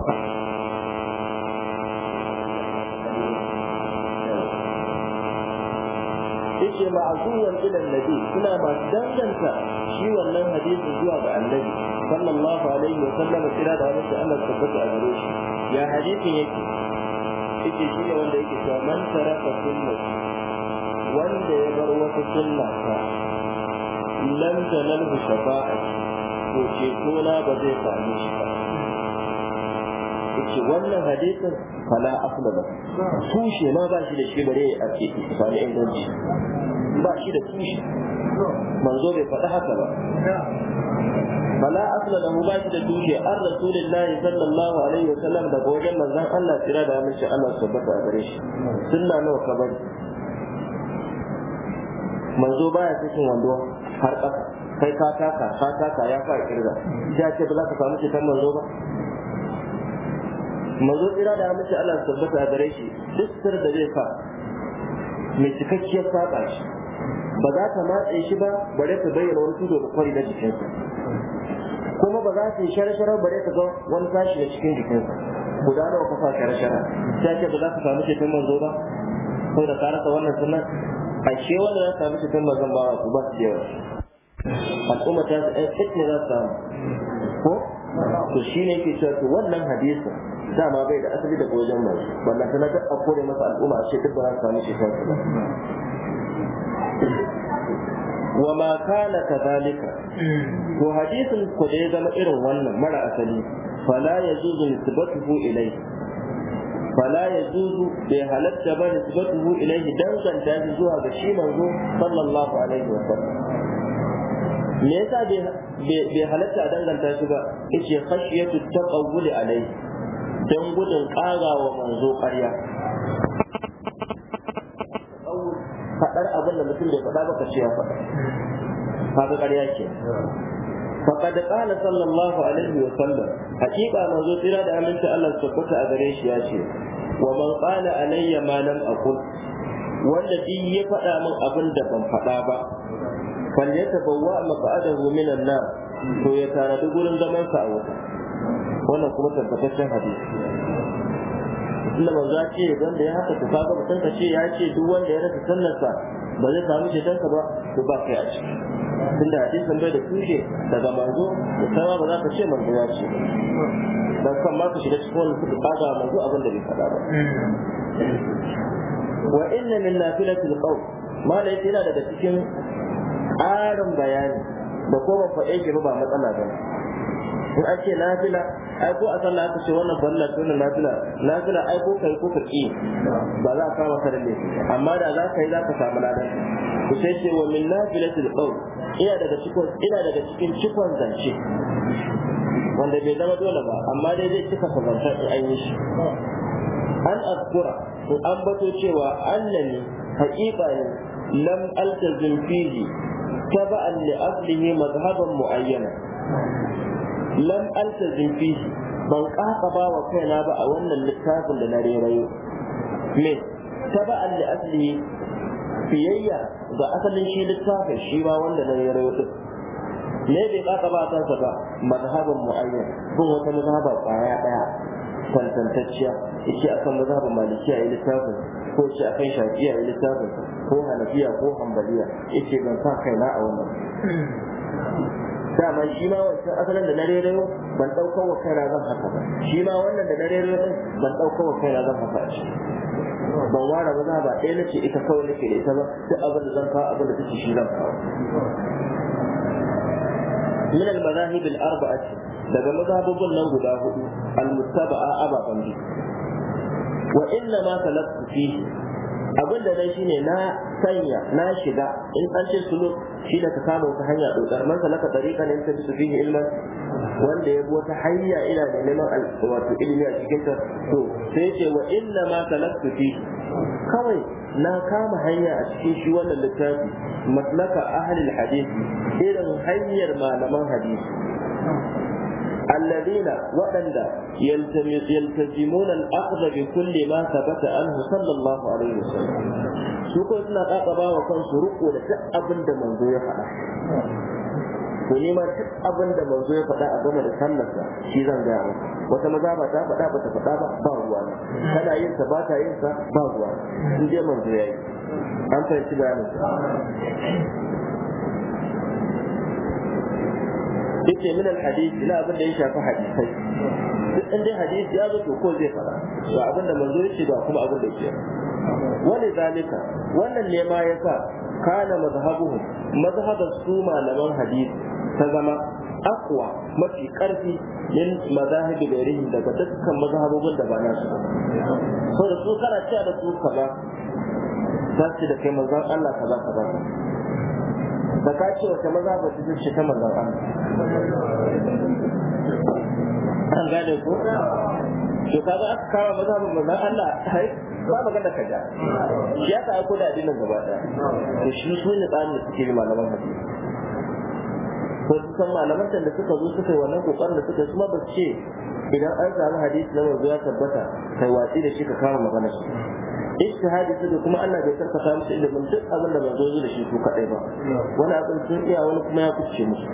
ce ma'azuwan ilan nabi suna masu danganta shi wannan hadisi zuwa ga annabi sallallahu alaihi wa sallam kira da wani Allah tabbata a gare shi ya hadisin yake yake shi ne wanda yake cewa man taraka sunnati wanda ya bar wata sunna ta lam tanalhu shafa'a to ce tona ba zai samu shi ba yace wannan hadisin fala asla ba su shi na ba shi da shi bare a ce sami inganci ba shi da tushe manzo bai faɗi haka ba bala asla da mu ba shi da tushe an rasulullahi sallallahu alaihi wa sallam daga wajen manzon Allah tira da amince Allah tabbata a gare shi sunna nawa ka bari manzo baya cikin wando har ƙasa kai ka taka ka taka ya fara kirga ya ce ba za ka samu cikin manzo ba manzo tsira da mace Allah tabbata a gare shi duk sir da zai fa mai cikakkiyar saka shi ba za ta matse shi ba bare ta bayyana wani tudu da kwari na jikinsa kuma ba za ta yi shara-shara bare ta ga wani sashi na cikin jikinsa guda da kafa shara-shara ta ce ba za ka samu cikin manzo ba ko da karasa wannan sunan a ce wanda za ta samu cikin manzo ba ku ba su yawa al'umma ta su ɗan eh, ne za su samu ko to shi ne ke cewa to wannan hadisi dama bai da asali da wajen mai wannan tana ta akore masa al'umma a ce duk ba za su samu shi ba wa ma kana kadhalika ko hadisin ku da ya zama irin wannan mara asali fala yajuzu nisbatuhu ilayhi fala yajuzu bi halatta ba nisbatuhu ilayhi danganta shi zuwa ga shi manzo sallallahu alaihi wa sallam me yasa bai halatta danganta shi ba yace khashiyatu taqawwul alai dan gudun ƙara wa manzo ƙarya faɗar abin da mutum bai faɗa ba ka ce ya faɗa kaga ƙarya ce faqad qala sallallahu alaihi wa sallam ma zo tsira da aminci Allah ta kuta a gare shi ya ce wa man qala alayya ma lam aqul wanda duk ya faɗa min abin da ban faɗa ba falyatabawwa maq'adahu minan nar to ya tanadi gurin zaman sa a wuta wannan kuma tabbataccen hadisi inda ba za ce wanda ya haka tufa ga mutum ce ya ce duk wanda ya rasa sallarsa ba zai samu shekarsa ba to ba kai a ciki tunda cikin bai da tushe daga manzo da sama ba za ka ce manzo ya ce dan kan ma ka shiga cikin wannan suka ga manzo abin da bai faɗa ba wa inna min nafilatil qawl la yana daga cikin ƙarin bayani da ko ba faɗe ba matsala ba in an ce nafila ai ko a sallah aka ce wannan balla to wannan nafila nafila ai ko kai ko ka ki ba za ka masa dalle amma da za ka yi za ka samu ladan ku sai ce wa min nafilatil qawl ina daga cikin ina daga cikin cikon zance wanda bai zama dole ba amma dai zai cika zance in an yi shi an azkura in an bato cewa annani haqiqa ne lam altazim fihi taba'an li aslihi mazhaban mu'ayyana lam altazim fihi ban kaka ba wa kaina ba a wannan littafin da na rerayo me taba'an li aslihi fiyayya ga asalin shi littafin shi ba wanda na rerayo din me bai kaka ba kansa ba madhaban mu'ayyan bin wata mazhaba kwaya daya tantantacciya yake akan mazhabin malikiya ya littafin ko ce akan shafiya ya littafin ko hanafiya ko hambaliya yake ban sa kaina a wannan dama shi ma wancan asalin da na rerayo ban ɗaukar wa kaina zan haka ba shi ma wannan da na rerayo ɗin ban ɗaukar wa kaina zan haka shi ban ware ba za ba ɗaya nace ita kawai nake da ita ba duk abin da zan kawo abin da take shi zan kawo من المذاهب الأربعة daga mazhabubun nan guda hudu al-muttaba'a ababan bi wa inna ma talaffu fi abinda dai shine na sanya na shiga in an ce suluk shi da ka samu ta hanya dokar man salaka tariqan in ta su fihi ilman wanda ya bi wata hanya ila da neman wato ilimi a cikin ta to sai ce wa inna ma salaktu fi kawai na kama hanya a cikin shi wannan littafi maslaka ahli hadisi irin hanyar malaman hadisi alladina waɗanda yaltazimuna al-aqda bi kulli ma thabata anhu sallallahu alaihi wasallam su ko suna kakaba bawa kansu ruko da duk abin da manzo ya faɗa to ma duk da manzo ya faɗa a gama da sallarsa shi zan gaya maka wata maza ba ta faɗa ba ta faɗa ba yin ta ba ta yin in an fahimci yake min alhadith ina abin da ya shafi hadisai duk in dai hadisi ya zo ko zai fara ba abin da manzo yake ba kuma abin da yake wani zalika wannan ne ma yasa kana mazhabuhu mazhabar su malaman hadisi ta zama akwa mafi karfi min mazahibi gairihim daga dukkan mazhabobin da ba su so da su kana cewa da su kaza za su da kai manzon Allah kaza kaza ba ka ce wata maza ba su zuci ta manzan an gane ko ka kaga aka kama maza ba manzan Allah hai ba magana ka ja Ya ka aiko da addinin gaba ɗaya to shi su ne tsarin da suke yi malaman hadisi ko su san malaman da suka zo suka yi wannan kokarin da suka yi kuma ba su ce idan an samu hadisi na manzo ya tabbata kai watsi da shi ka kama magana shi ijtihadi sai kuma Allah bai karkata musu ilimin duk abin da ba zo da shi su kadai ba wani abin sun iya wani kuma ya kuce musu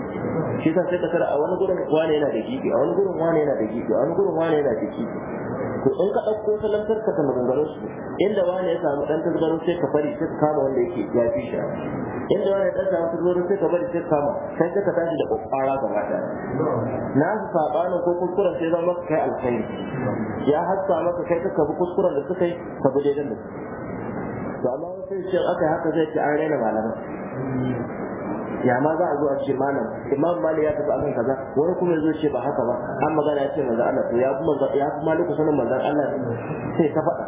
shi yasa sai ka tara a wani gurin wani yana da gidi a wani gurin wani yana da gidi a wani gurin wani yana da gidi to in ka ɗauko salon karkata maganganun su inda wani ya samu ɗan tasgaro sai ka bari sai ka kama wanda yake ya fi shi inda wani ya samu tasgaro sai ka bari sai ka kama sai ka tashi da kokkara gaba ɗaya na su saɓanin ko kuskuren sai zama kai alkhairi ya haska maka kai ka bi kuskuren da suka yi ka bi daidan da suka to amma wasu shi aka haka zai ce an raina malaman ya ma za a zo a ce malam imam mali ya tafi akan kaza wani kuma ya zo ce ba haka ba an magana ya ce manzo Allah to ya kuma ya kuma maliku sanin manzo Allah sai ta faɗa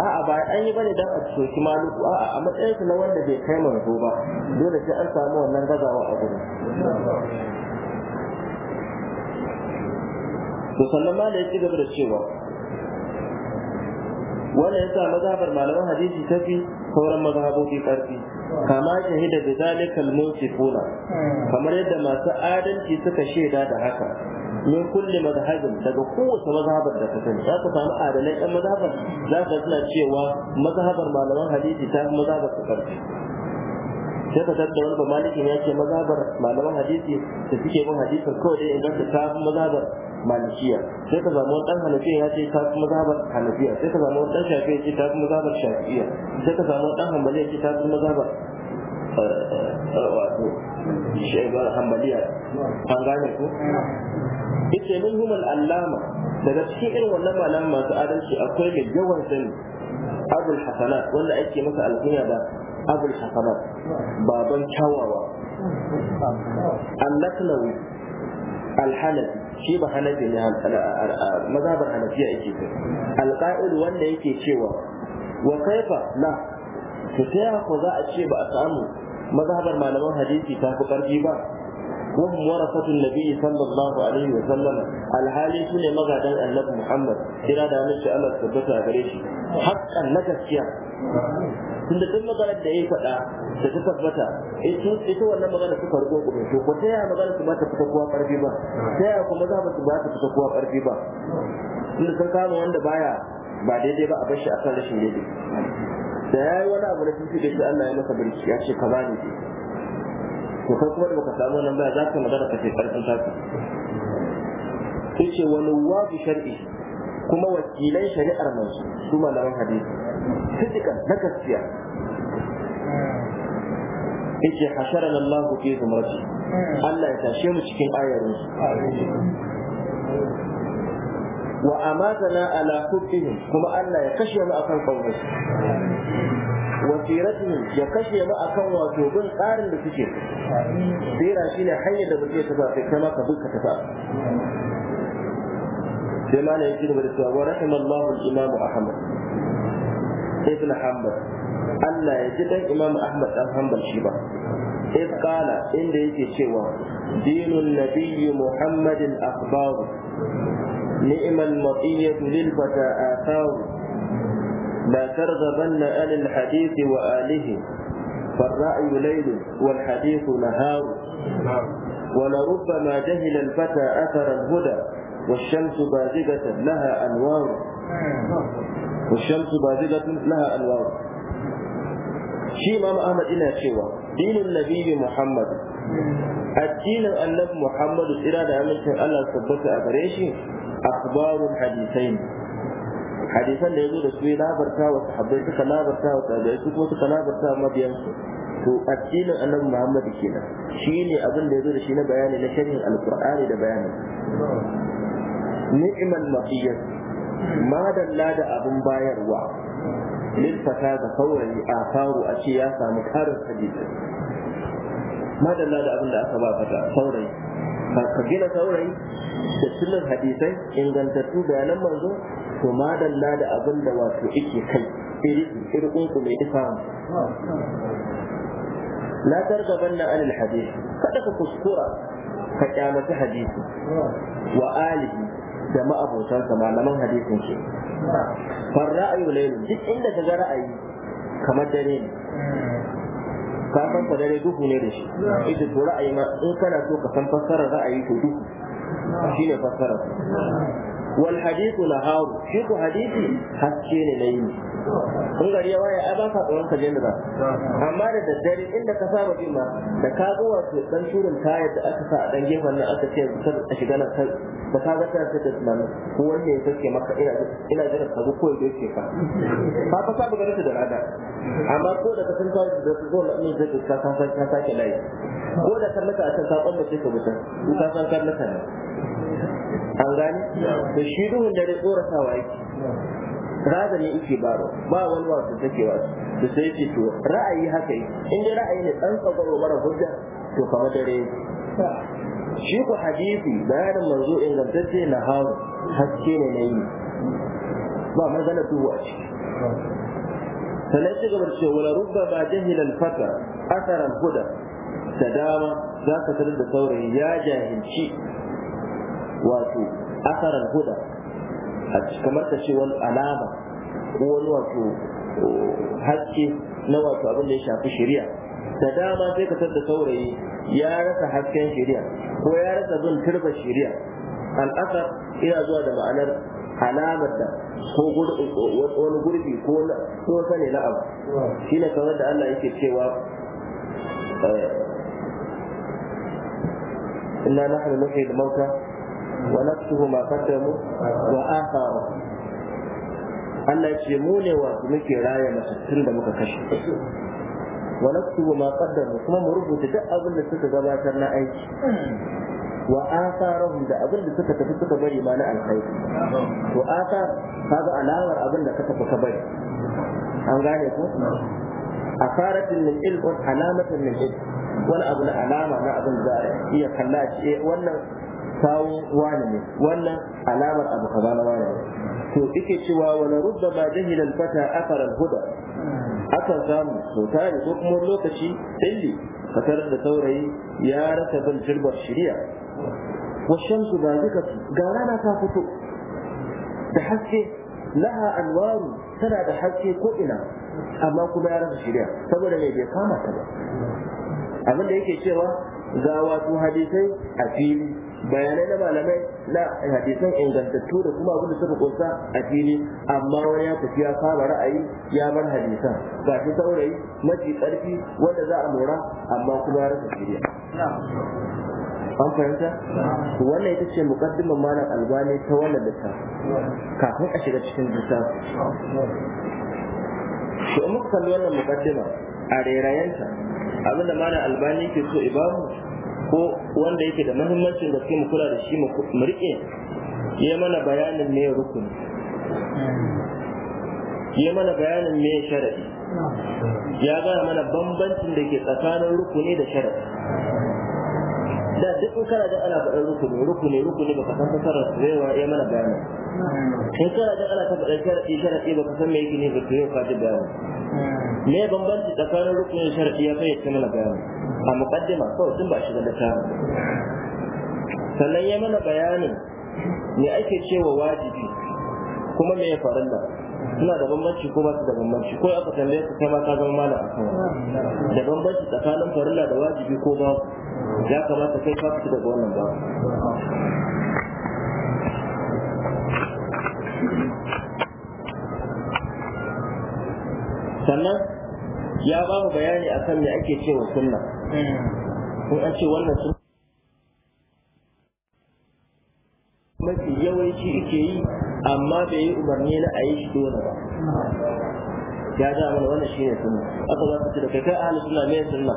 a'a ba an yi bane dan a soki maliku a'a a matsayin na wanda bai kai manzo ba dole sai an samu wannan gazawa a gurin to sannan ma ya ci gaba da cewa wannan yasa mazhabar malaman hadisi ta fi sauran mazhabobi karfi kama shahida da zalikal munsifuna kamar yadda masu adalci suka shaida da haka min kulli mazhabin daga kowace mazhabar da ta sani za ka samu adalai ɗan mazhabar za ka suna cewa mazhabar malaman hadisi ta fi mazhabar ta karfi sai ka tattara wani ba malikin ya ce mazhabar malaman hadisi da suke bin hadisin kawai dai inganta ta fi mazhabar malikiya sai ka zama wani hanafiya ya ce ta kuma zabar hanafiya sai ka zama wani dan shafiya ya ce ta kuma zabar shafiya sai ka zama wani dan hanbaliya ya ce ta kuma zabar eh, eh, wato shaibar hanbaliya an gane ku ita min humal allama daga cikin irin wannan malaman masu adalci akwai mai yawan sani abul hasanat wanda ake masa alkunya da abul hasanat baban kyawawa annaknawi alhanafi shi ba hanafi ne mazhabar hanafiya yake kai alqa'il wanda yake cewa wa kaifa na? to ta ko za a ce ba a samu mazabar malaman hadisi ta fi ƙarfi ba وهم ورثة النبي صلى الله عليه وسلم الحالي سنة مغادا النبي محمد إلى دامش أمد ثبتها بريشي حقا نكسيا tunda duk maganar da ya faɗa da ta tabbata ita wannan magana ta farko kuma to ko taya magana su ba ta fita kuwa ƙarfi ba taya kuma za ba su ta fita kuwa ƙarfi ba tunda sun kama wanda baya ba daidai ba a bar shi akan rashin daidai da yayi wani abu na fifi da shi Allah ya masa birki ya ce ka bani. to kai kuma da baka samu nan baya za ka magana ka ce karfin taku ce wani wabi shar'i kuma wakilan shari'ar mansu su malaman hadisi siddiqan na gaskiya yace hasharan Allah fi zumrati Allah ya tashe mu cikin ayarin su wa amatana ala hubbihim kuma Allah ya kashe mu akan kaunar wasiratihim ya kashe mu akan wato bin tsarin da suke sira shine hanyar da muke tafa kai kama ka bi ka tafa sai ma ne yake da cewa wa rahimallahu al-imam ahmad ibn hanbal Allah ya ji dan imam ahmad dan hanbal shi ba إذ قال إن ديك شوى دين النبي محمد الأخبار نعم المطية للفتى آثار لا ترغبن عن الحديث وآله فالرأي ليل والحديث نهار نعم. ولربما جهل الفتى أثر الهدى والشمس بازغة لها أنوار والشمس بازغة لها أنوار شيء ما أمر إلى شوى دين النبي محمد الدين النبي محمد إرادة أمريكا الله سبحانه وتعالى أخبار الحديثين hadisan da ya zo da su na barta wa sahabbai suka labarta wa tabi'ai su kuma suka labarta wa mabiyan su to addinin annabi Muhammad kenan ne abin da ya zo da shi na bayani na sharhin alqur'ani da bayanin ni'mal maqiyyah madalla da abin bayarwa lilfata da kawai a faru a ce ya samu karin hadisi madalla da abin da aka ba fata saurayi ka gina saurayi da sunan hadisai ingantattu bayanan manzo to madalla da abin da wato yake kai irkun ku mai duka la targaban na anil hadisi kada ka kuskura ka kyamata hadisi wa alihi da ma'abotansa malaman hadisin ke far ra'ayu layl duk inda ka ga ra'ayi kamar dare ne ka san ku dare duhu ne da shi ita to ra'ayi ma in kana so ka san fassarar ra'ayi to duhu shine fassarar wal hadithu naharu shi ku hadisi haske ne na yi in gari ya waye ai ba ka tsoron ka je ba amma da daddare inda ka saba bin ma da ka ga wato dan shirin taya da aka sa a dan gefen nan aka ce kar a shiga nan kai da ka ga tana da tunanin ko wanda ya sake maka ina ina jira ka ga ko ya ce ka Ba ka saba ganin ta da rada amma ko da ka san ka da ko na min da ka san ka sake layi ko da ka maka a san ka kwamba ce ka mutum ka san ka na. an gane Da shi duhun dare wa yake raza ne yake baro ba wani wasu take wasu da sai ce to ra'ayi haka yi in dai ra'ayi ne dan tsagwaro mara hujja to kama dare shi ku hadisi bayanin manzo ingantacce na hawo haske ne na yi ba magana duhu a ciki sannan ci gaba wula, wala rubba ba jahilan fata asaran huda da dama za ka sanar da saurayi ya jahilci wato asarar huda kamar ta ce wani alama ko wani wato eh, haske na wato abin da ya shafi shari'a da dama sai ka da saurayi ya rasa hasken shari'a ko ya rasa bin turba shari'a al'asar ina zuwa da ma'anar alamar da ko wani gurbi ko wata ne na abu shi ne kamar da Allah yake cewa eh, inna nahnu nuhyi al ونكتب ما قدموا وآثاره Allah ce mu ne wasu muke raya matattun da muka kashe wa naktubu ma qaddamu kuma mu rubuta duk abin suka gabatar na aiki wa asarahum da abin suka tafi suka bari ma na alkhairi to asar kaga alawar abin da ka tafi ka an gane ko asaratin min ilm alamatan min ilm wani abu na alama na abin da iya kalla ce eh, wannan kawo wani ne wannan alamar abu kaza na wani ne to ike cewa wani rubda ba jahila fata afaran huda akan samu to tare ko kuma lokaci dalli fatar da saurayi ya rasa bin jirbar shari'a washan su ba zika ga rana ta fito da haske laha anwaru tana da haske ko ina amma kuma ya rasa shiriya. saboda mai bai kama ta ba abin da yake cewa ga wato hadisai a fili bayanai na malamai na hadisan ingantattu da kuma abin da suka kunsa a fili amma wani ya tafi ya saba ra'ayi ya bar hadisan ga shi saurayi mafi karfi wanda za a mora amma kuma rasa shirya an fahimta wannan ita ce muqaddimar malam albani ta wannan littafi kafin a shiga cikin littafi shi muka kalli wannan muƙaddima a rairayenta abinda malam albani ke so ibamu ko wanda yake da muhimmancin da mu kula da shi mu rike ya mana bayanin me rukuni ya mana bayanin me sharadi ya gaya mana bambancin da ke tsakanin rukuni da sharadi da duk in kana da ana faɗin rukuni rukuni rukuni ka san fasara su zai ya mana bayanin in kana da ana faɗin sharadi sharadi ka san me yake ne ba ka ka ji bayanin me bambanci tsakanin rukuni da sharadi ya kai ya mana bayanin a mukaddima kawai tun ba shi da littafin sannan ya mana bayanin me ake cewa wajibi kuma me farilla suna da bambanci ko ba su da bambanci ko aka tambaye su kai ma ka zama malam akan da bambanci tsakanin farilla da wajibi ko ba ya kamata kai ka fita daga wannan ba sannan ya ba mu bayani akan me ake cewa sunna ko an wannan sun mafi yawanci ike yi amma bai yi umarni na a yi shi dole ba ya ja mana wannan shi ne sunna aka za su ce da kai kai ahalin sunna mai sunna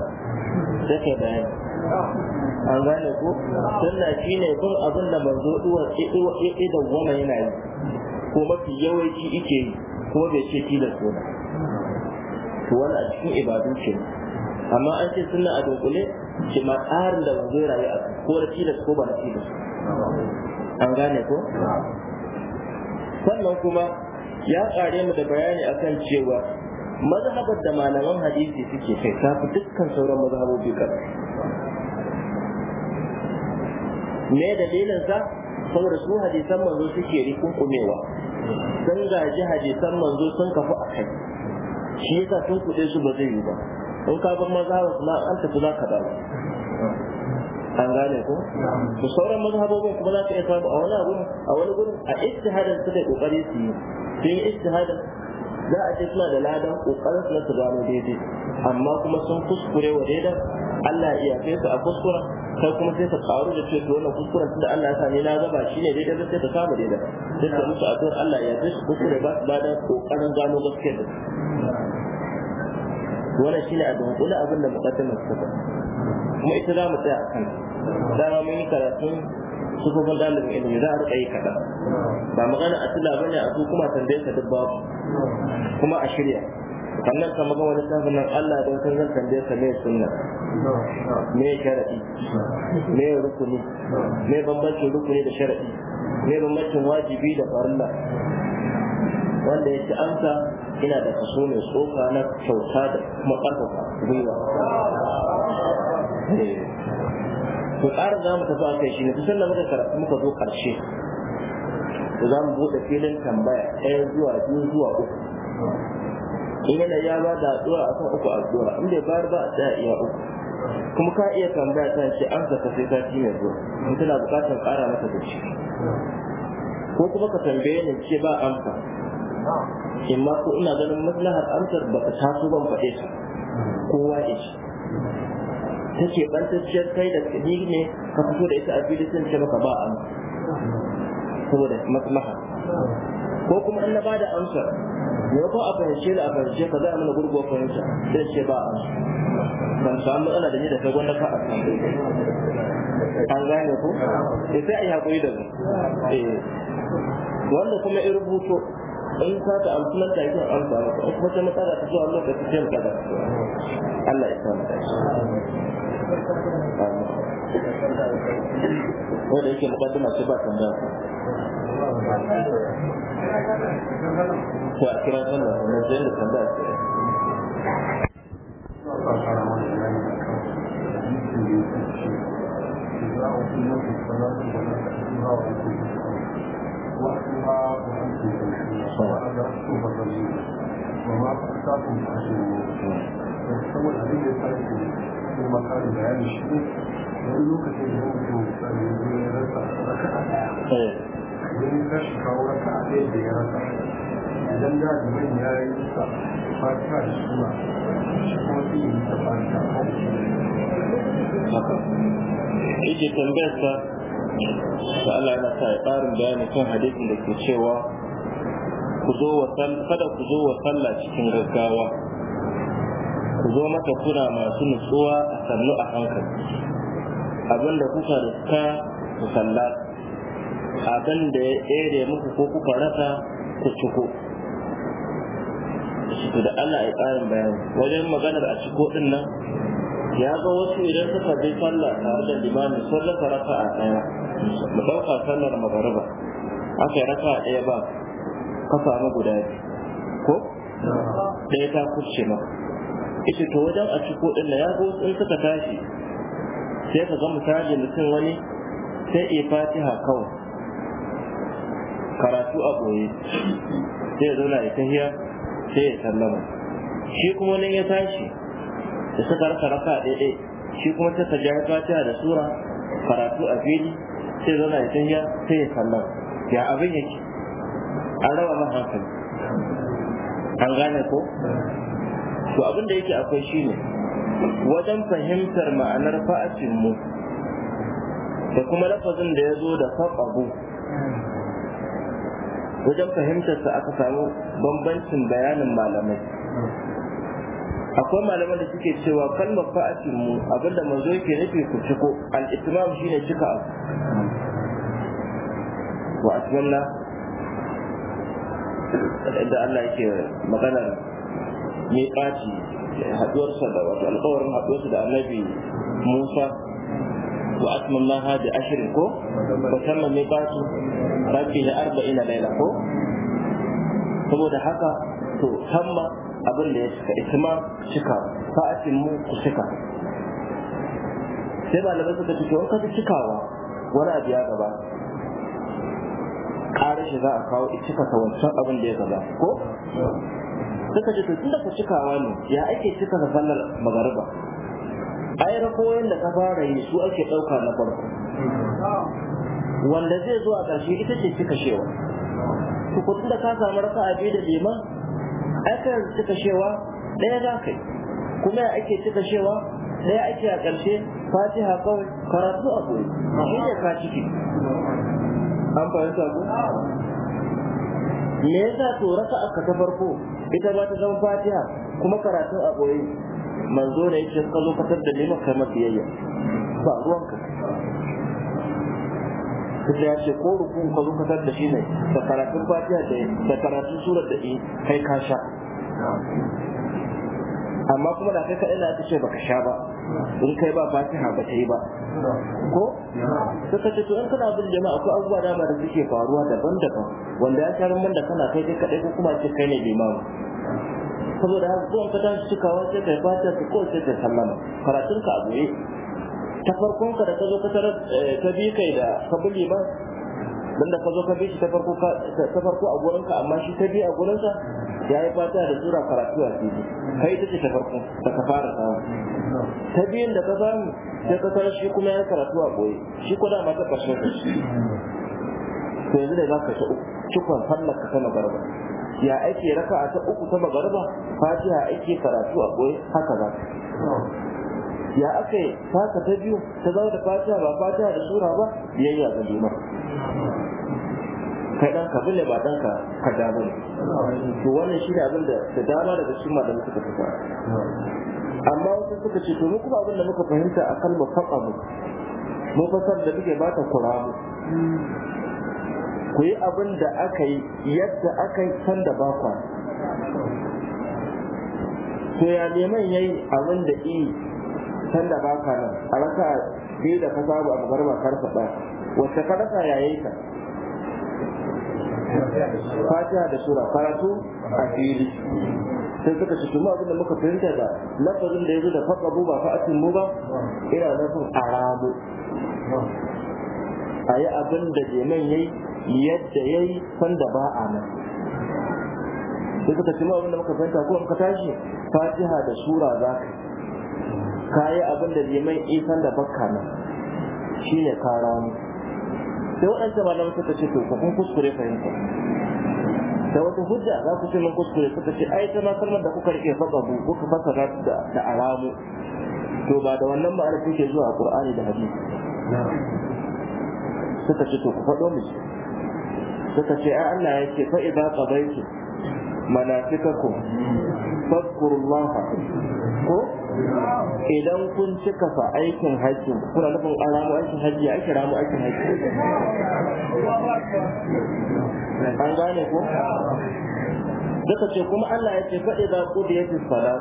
sai kai bayani an gane ko sunna shi ne abin da manzo duwar idan wani yana yi ko mafi yawanci ike yi ko bai ce tilas ba to wani a cikin ibadu ce amma an ce suna a dunkule shi ma tsarin da ban zai rayu a ko da tilas ko ba na tilas an gane ko sannan kuma ya kare mu da bayani akan cewa mazhabar da malaman hadisi suke kai ta fi dukkan sauran mazhabobi kaɗan me dalilin sa saboda su hadisan manzo suke rikunkumewa sun gaji hadisan manzo sun kafu a kai shi yasa sun kuɗe su ba zai yi ba in ka bar mazhabar na an tafi za ka dawo an gane ko to sauran mazhabobin kuma za ka iya samu a wani gurin a wani gurin a ijtihadin su yi kokari su yi sun ijtihadin za a ce suna da ladan kokarin na su gano daidai amma kuma sun kuskure wa daidai, Allah ya kai su a kuskura kai kuma sai ka karu da ce wannan kuskuren tunda Allah ya sa ni na gaba shine daidan sai ka kama daidai. Duk da musu a Allah ya kai su kuskure ba su ladan kokarin gano gaskiyar da wannan shine abin dunkule abin da bukatun mu suka kuma ita za mu tsaya a kan dama mun yi karatun su kuma dalibin ilimi za a rika yi kaɗan ba magana a tula bane a su kuma tambaye ka duk babu kuma a shirya sannan ka maga wani tafin nan Allah don san zan tambaye ka me sunna me sharadi me rukuni me bambancin rukuni da sharadi me bambancin wajibi da farilla wanda ya ci amsa ina da kaso mai tsoka na kyauta da kuma ƙarfafa gwiwa eh. to ƙara za mu tafi a kai shi ne kusan da muka karatu muka zo ƙarshe to za mu buɗe filin tambaya ɗaya zuwa biyu zuwa uku in yana ya ba da addu'a akan uku addu'a in bai bayar ba a tsaya iya uku kuma ka iya tambaya ta ce an saka sai ta ci mai zuwa in tana buƙatar ƙara mata da shi ko kuma ka tambaye ni ce ba amsa in ko ina ganin maslahar amsar ba ta taso ban faɗe su, kowa ya ce ta ke ɓantacciyar kai da ni ne ka fito da ita a fili sun ce maka ba amsa saboda maslaha ko kuma in na ba da amsar me ko a fahimce da a fahimce ka za a mana gurguwa fahimta sai ce ba amsa ban samu matsala da ni da sabon wanda ka a an gane ku? Eh, sai a yi haƙuri da mu eh. wanda kuma in rubuto in ka ta amsu nan take an amsa kuma ta matsala ta zuwa lokaci sai ka Allah ya samu da shi ko da yake ba tambaya ko a kira na da tambaya Thank you. وما أخطاكم تحسنون فاستوى الأدلة الثالثة في مقال بيان الشيء wani lokacin da mutum misali ne ya rasa ya ya yi to Allah yana sa ya ƙarin bayani kan hadisin da ke cewa ku zo wa kada ku zo wa sallah cikin gaggawa ku zo mata kuna masu nutsuwa a sannu a hankali abinda kuka riska ku salla abin da ya tsere muku ko kuka rasa ku ciko to da Allah ya ƙarin bayani wajen maganar a ciko din nan ya ga wasu idan suka bi sallah tare da limamin sun rasa a ɗaya mu ɗauka sallar magariba aka yi raka ɗaya ba ka samu guda ko ɗaya ta kurce ma ita to wajen a ciko ɗin na ya go in suka tashi sai ka ga misali mutum wani sai iya fatiha kawai karatu a ɓoye. sai ya zauna ya tahiya sai ya sallama shi kuma nan ya tashi da suka raka raka ɗaya shi kuma sai ka ja fatiha da sura karatu a fili sai zana ya tahiya sai ya kalla. ya abin yake an rawa man hankali an gane ko to abin da yake akwai shine wajen fahimtar ma'anar fa'acin mu da kuma lafazin da ya zo da faɓaɓu wajen fahimtar sa aka samu bambancin bayanin malamai akwai malaman da suke cewa kalmar fa'atin mu abinda manzo yake nufi ku ciko al-itmam shine cika abu wa atmamna da Allah yake magana mai ɓaci sa da wato alƙawarin haɗuwarsa da annabi Musa wa atmamna ha da ashirin ko wa mai ɓaci rabbi da arba'ina laila ko saboda haka to hamma abin da ya cika itima cika sa'atin mu ku cika sai malamai suka ce wani kasu cikawa wani abu ya gaba ƙarar shi za a kawo cika ta wancan abin da ya gaba ko suka ce to tunda ka cikawa ne ya ake cika da sallar magariba ai rakoyin da ka fara yi su ake ɗauka na farko wanda zai zo a ƙarshe ita ce cika shewa to da tunda ka samu rasa biyu da liman akan cika cewa ɗaya za ka yi kuma ake cika cewa ɗaya ake a ƙarshe fatiha kawai karatu a koyi shi ne ka ciki an fahimta ku me yasa to raka aka ta farko ita ba ta zama fatiha kuma karatun a koyi manzo da yake ka zo fatar da neman kamar biyayya ba ruwanka duk da ya ce ko rukun ka tar da shi ne da karatun fatiha da da karatun surar da kai ka sha amma kuma da kai kaɗai da aka ce baka sha ba in kai ba fatiha ba ta yi ba ko ka ce to in kana bin jama'a ko abubuwa da ba da suke faruwa daban-daban wanda ya tarin man da kana kai kai kaɗai ko kuma ce kai ne limamu saboda har zuwan ka tashi cikawa sai kai fatiha ka ko sai kai sallama karatun ka a ta farkon ka da ka zo ka eh, bi kai da ka bi ba dan da ka zo ka bi shi ta farko ta farko a gurin ka amma shi ta bi a gurin sa ya yi fata da zura karatu a cikin kai take ce ta farko da ka fara ta ta biyan da ka samu sai ka tara shi kuma ya karatu a boye shi ko da ma ta kashe ka shi to yanzu da za ka ta uku cikon sallar ka ta magarba ya ake raka'a ta uku ta magarba fatiha ake karatu a boye haka za ka ya aka yi saka ta biyu ta zama da fatiha ba fatiha da sura ba biyayya ga liman kai dan kabila ba dan ka ka ne. to wannan shi ne abin da da dama daga cikin malamu suka fita amma wasu suka ce to mu kuma abin da muka fahimta a kalmar faqa mu mu fasar da muke ba ta kura mu ku yi abin da aka yi yadda aka yi san da ba kwa to ya neman yayi abin da i sanda ba ka nan a raka biyu da ka samu a magarba kar ba wacce ka rasa yaye ka fatiha da sura karatu a fili sai suka ci tuma abinda muka fahimta da lafazin da ya zo da bu ba fa'atin mu ba ina nufin arabu a yi abin da jemen ya yi yadda ya yi sanda ba a nan sai suka ci abinda muka fahimta ko in ka tashi fatiha da sura za ka ka yi abin da mai isan da bakka na shi ne ka ramu sai waɗansu malamai suka ce to kun kuskure fahimta da wata hujja za ku ce mun kuskure suka ce ai ta kalmar da kuka rike faqabu kuka fasara da da aramu to ba da wannan ma'ana ke zuwa qur'ani da hadisi suka ce to ku faɗo mu suka ce ai Allah ya ce fa idza qadaytu manasikakum fadhkurullaha ko idan kun cika fa aikin hajji kuna nufin an ramu aikin hajji ake ramu aikin hajji an gane ko Zaka ce kuma Allah ya ce faɗi za ku da ya fi salat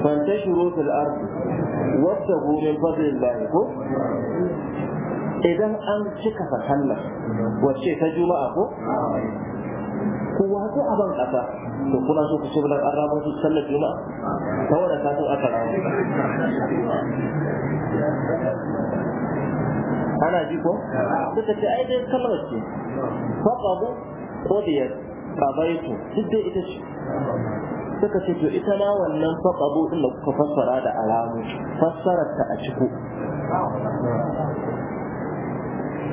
fanta shi fil ardi wata gumin fadin bayan ko idan an cika fa wacce ta juma'a ko ku watsu a ban ƙasa to kuna so ku ce bulan an rama su sallar juma'a kawai da kasan aka rama ana ji ko suka ce ai dai kalmar ce faqabu qadiyat qabaitu duk dai ita ce suka ce to ita ma wannan faqabu din da kuka fassara da alamu fassarar ta a ciko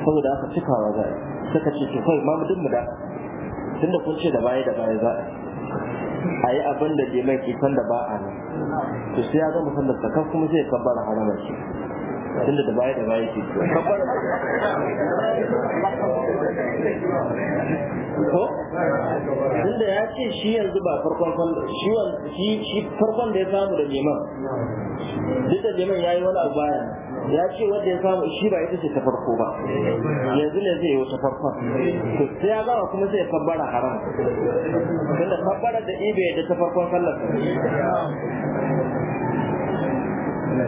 saboda aka cikawa zai, suka ce to kai ma mu duk da tunda kun ce da baya da baya za a yi abin da ke ke san da ba a nan to sai ya zama sallar sa kuma sai ya kabbara haramar shi tunda da baya da baya ke to ko tunda ya ce shi yanzu ba farkon shi shi farkon da ya samu da neman duk da ya yi wani abu baya ya ce wanda ya samu shi ba ita ce ta farko ba yanzu ne zai yi wata farkon to sai ya gama kuma sai ya kabbara haram tunda kabbara da ibe da ta farkon sallar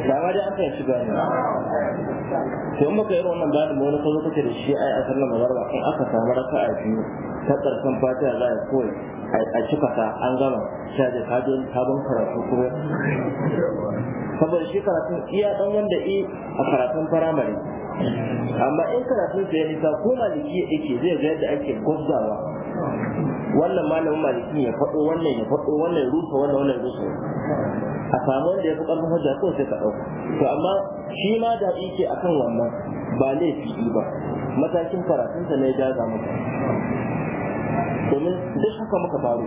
da ma yi an fahimci gani to in baka yi wannan bayanin ba wani kwazo kake da shi ai a sallar magarba in aka samu raka a biyu ta karshen fatiha za a koyi a cika ta an gama sai da kaji sabon karatu kuma saboda shi karatun iya dan wanda i a karatun firamare amma in karatun sa ya nisa ko maliki yake zai ga yadda ake gwabzawa wannan malamin maliki ya faɗo wannan ya faɗo wannan rufe, wannan wannan rufe a samu wanda ya fi ƙarfin hujja ko sai ka ɗauka to amma shi ma da yake akan wannan ba laifi ba matakin ta ne ya jaza maka domin duk haka muka faru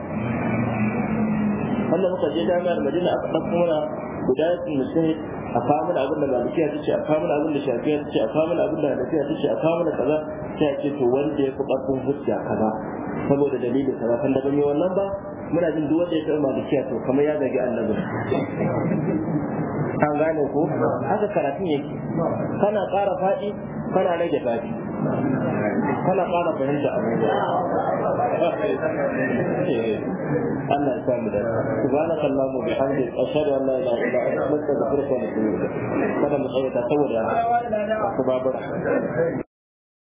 wanda muka je jami'ar madina aka ɗauko mana guda yakin musulmi a kamun abin da malikiya ta ce a kamun abin da shafiya ta ce a kamun abin da hanafiya ta ce a kamun kaza sai a ce to wanda ya fi ƙarfin hujja kaza saboda dalilin kaza kan da ban yi wannan ba muna jin duk wanda ya san malikiya to kamar ya zagi annabi an gane ko haka karatun yake kana ƙara faɗi kana rage faɗi kana ƙara fahimta abubuwa Allah ya samu da subhanaka allahumma wa bihamdika ashhadu an la ilaha illa anta astaghfiruka wa atubu ilaik kada mu tsaya ta saboda ku babura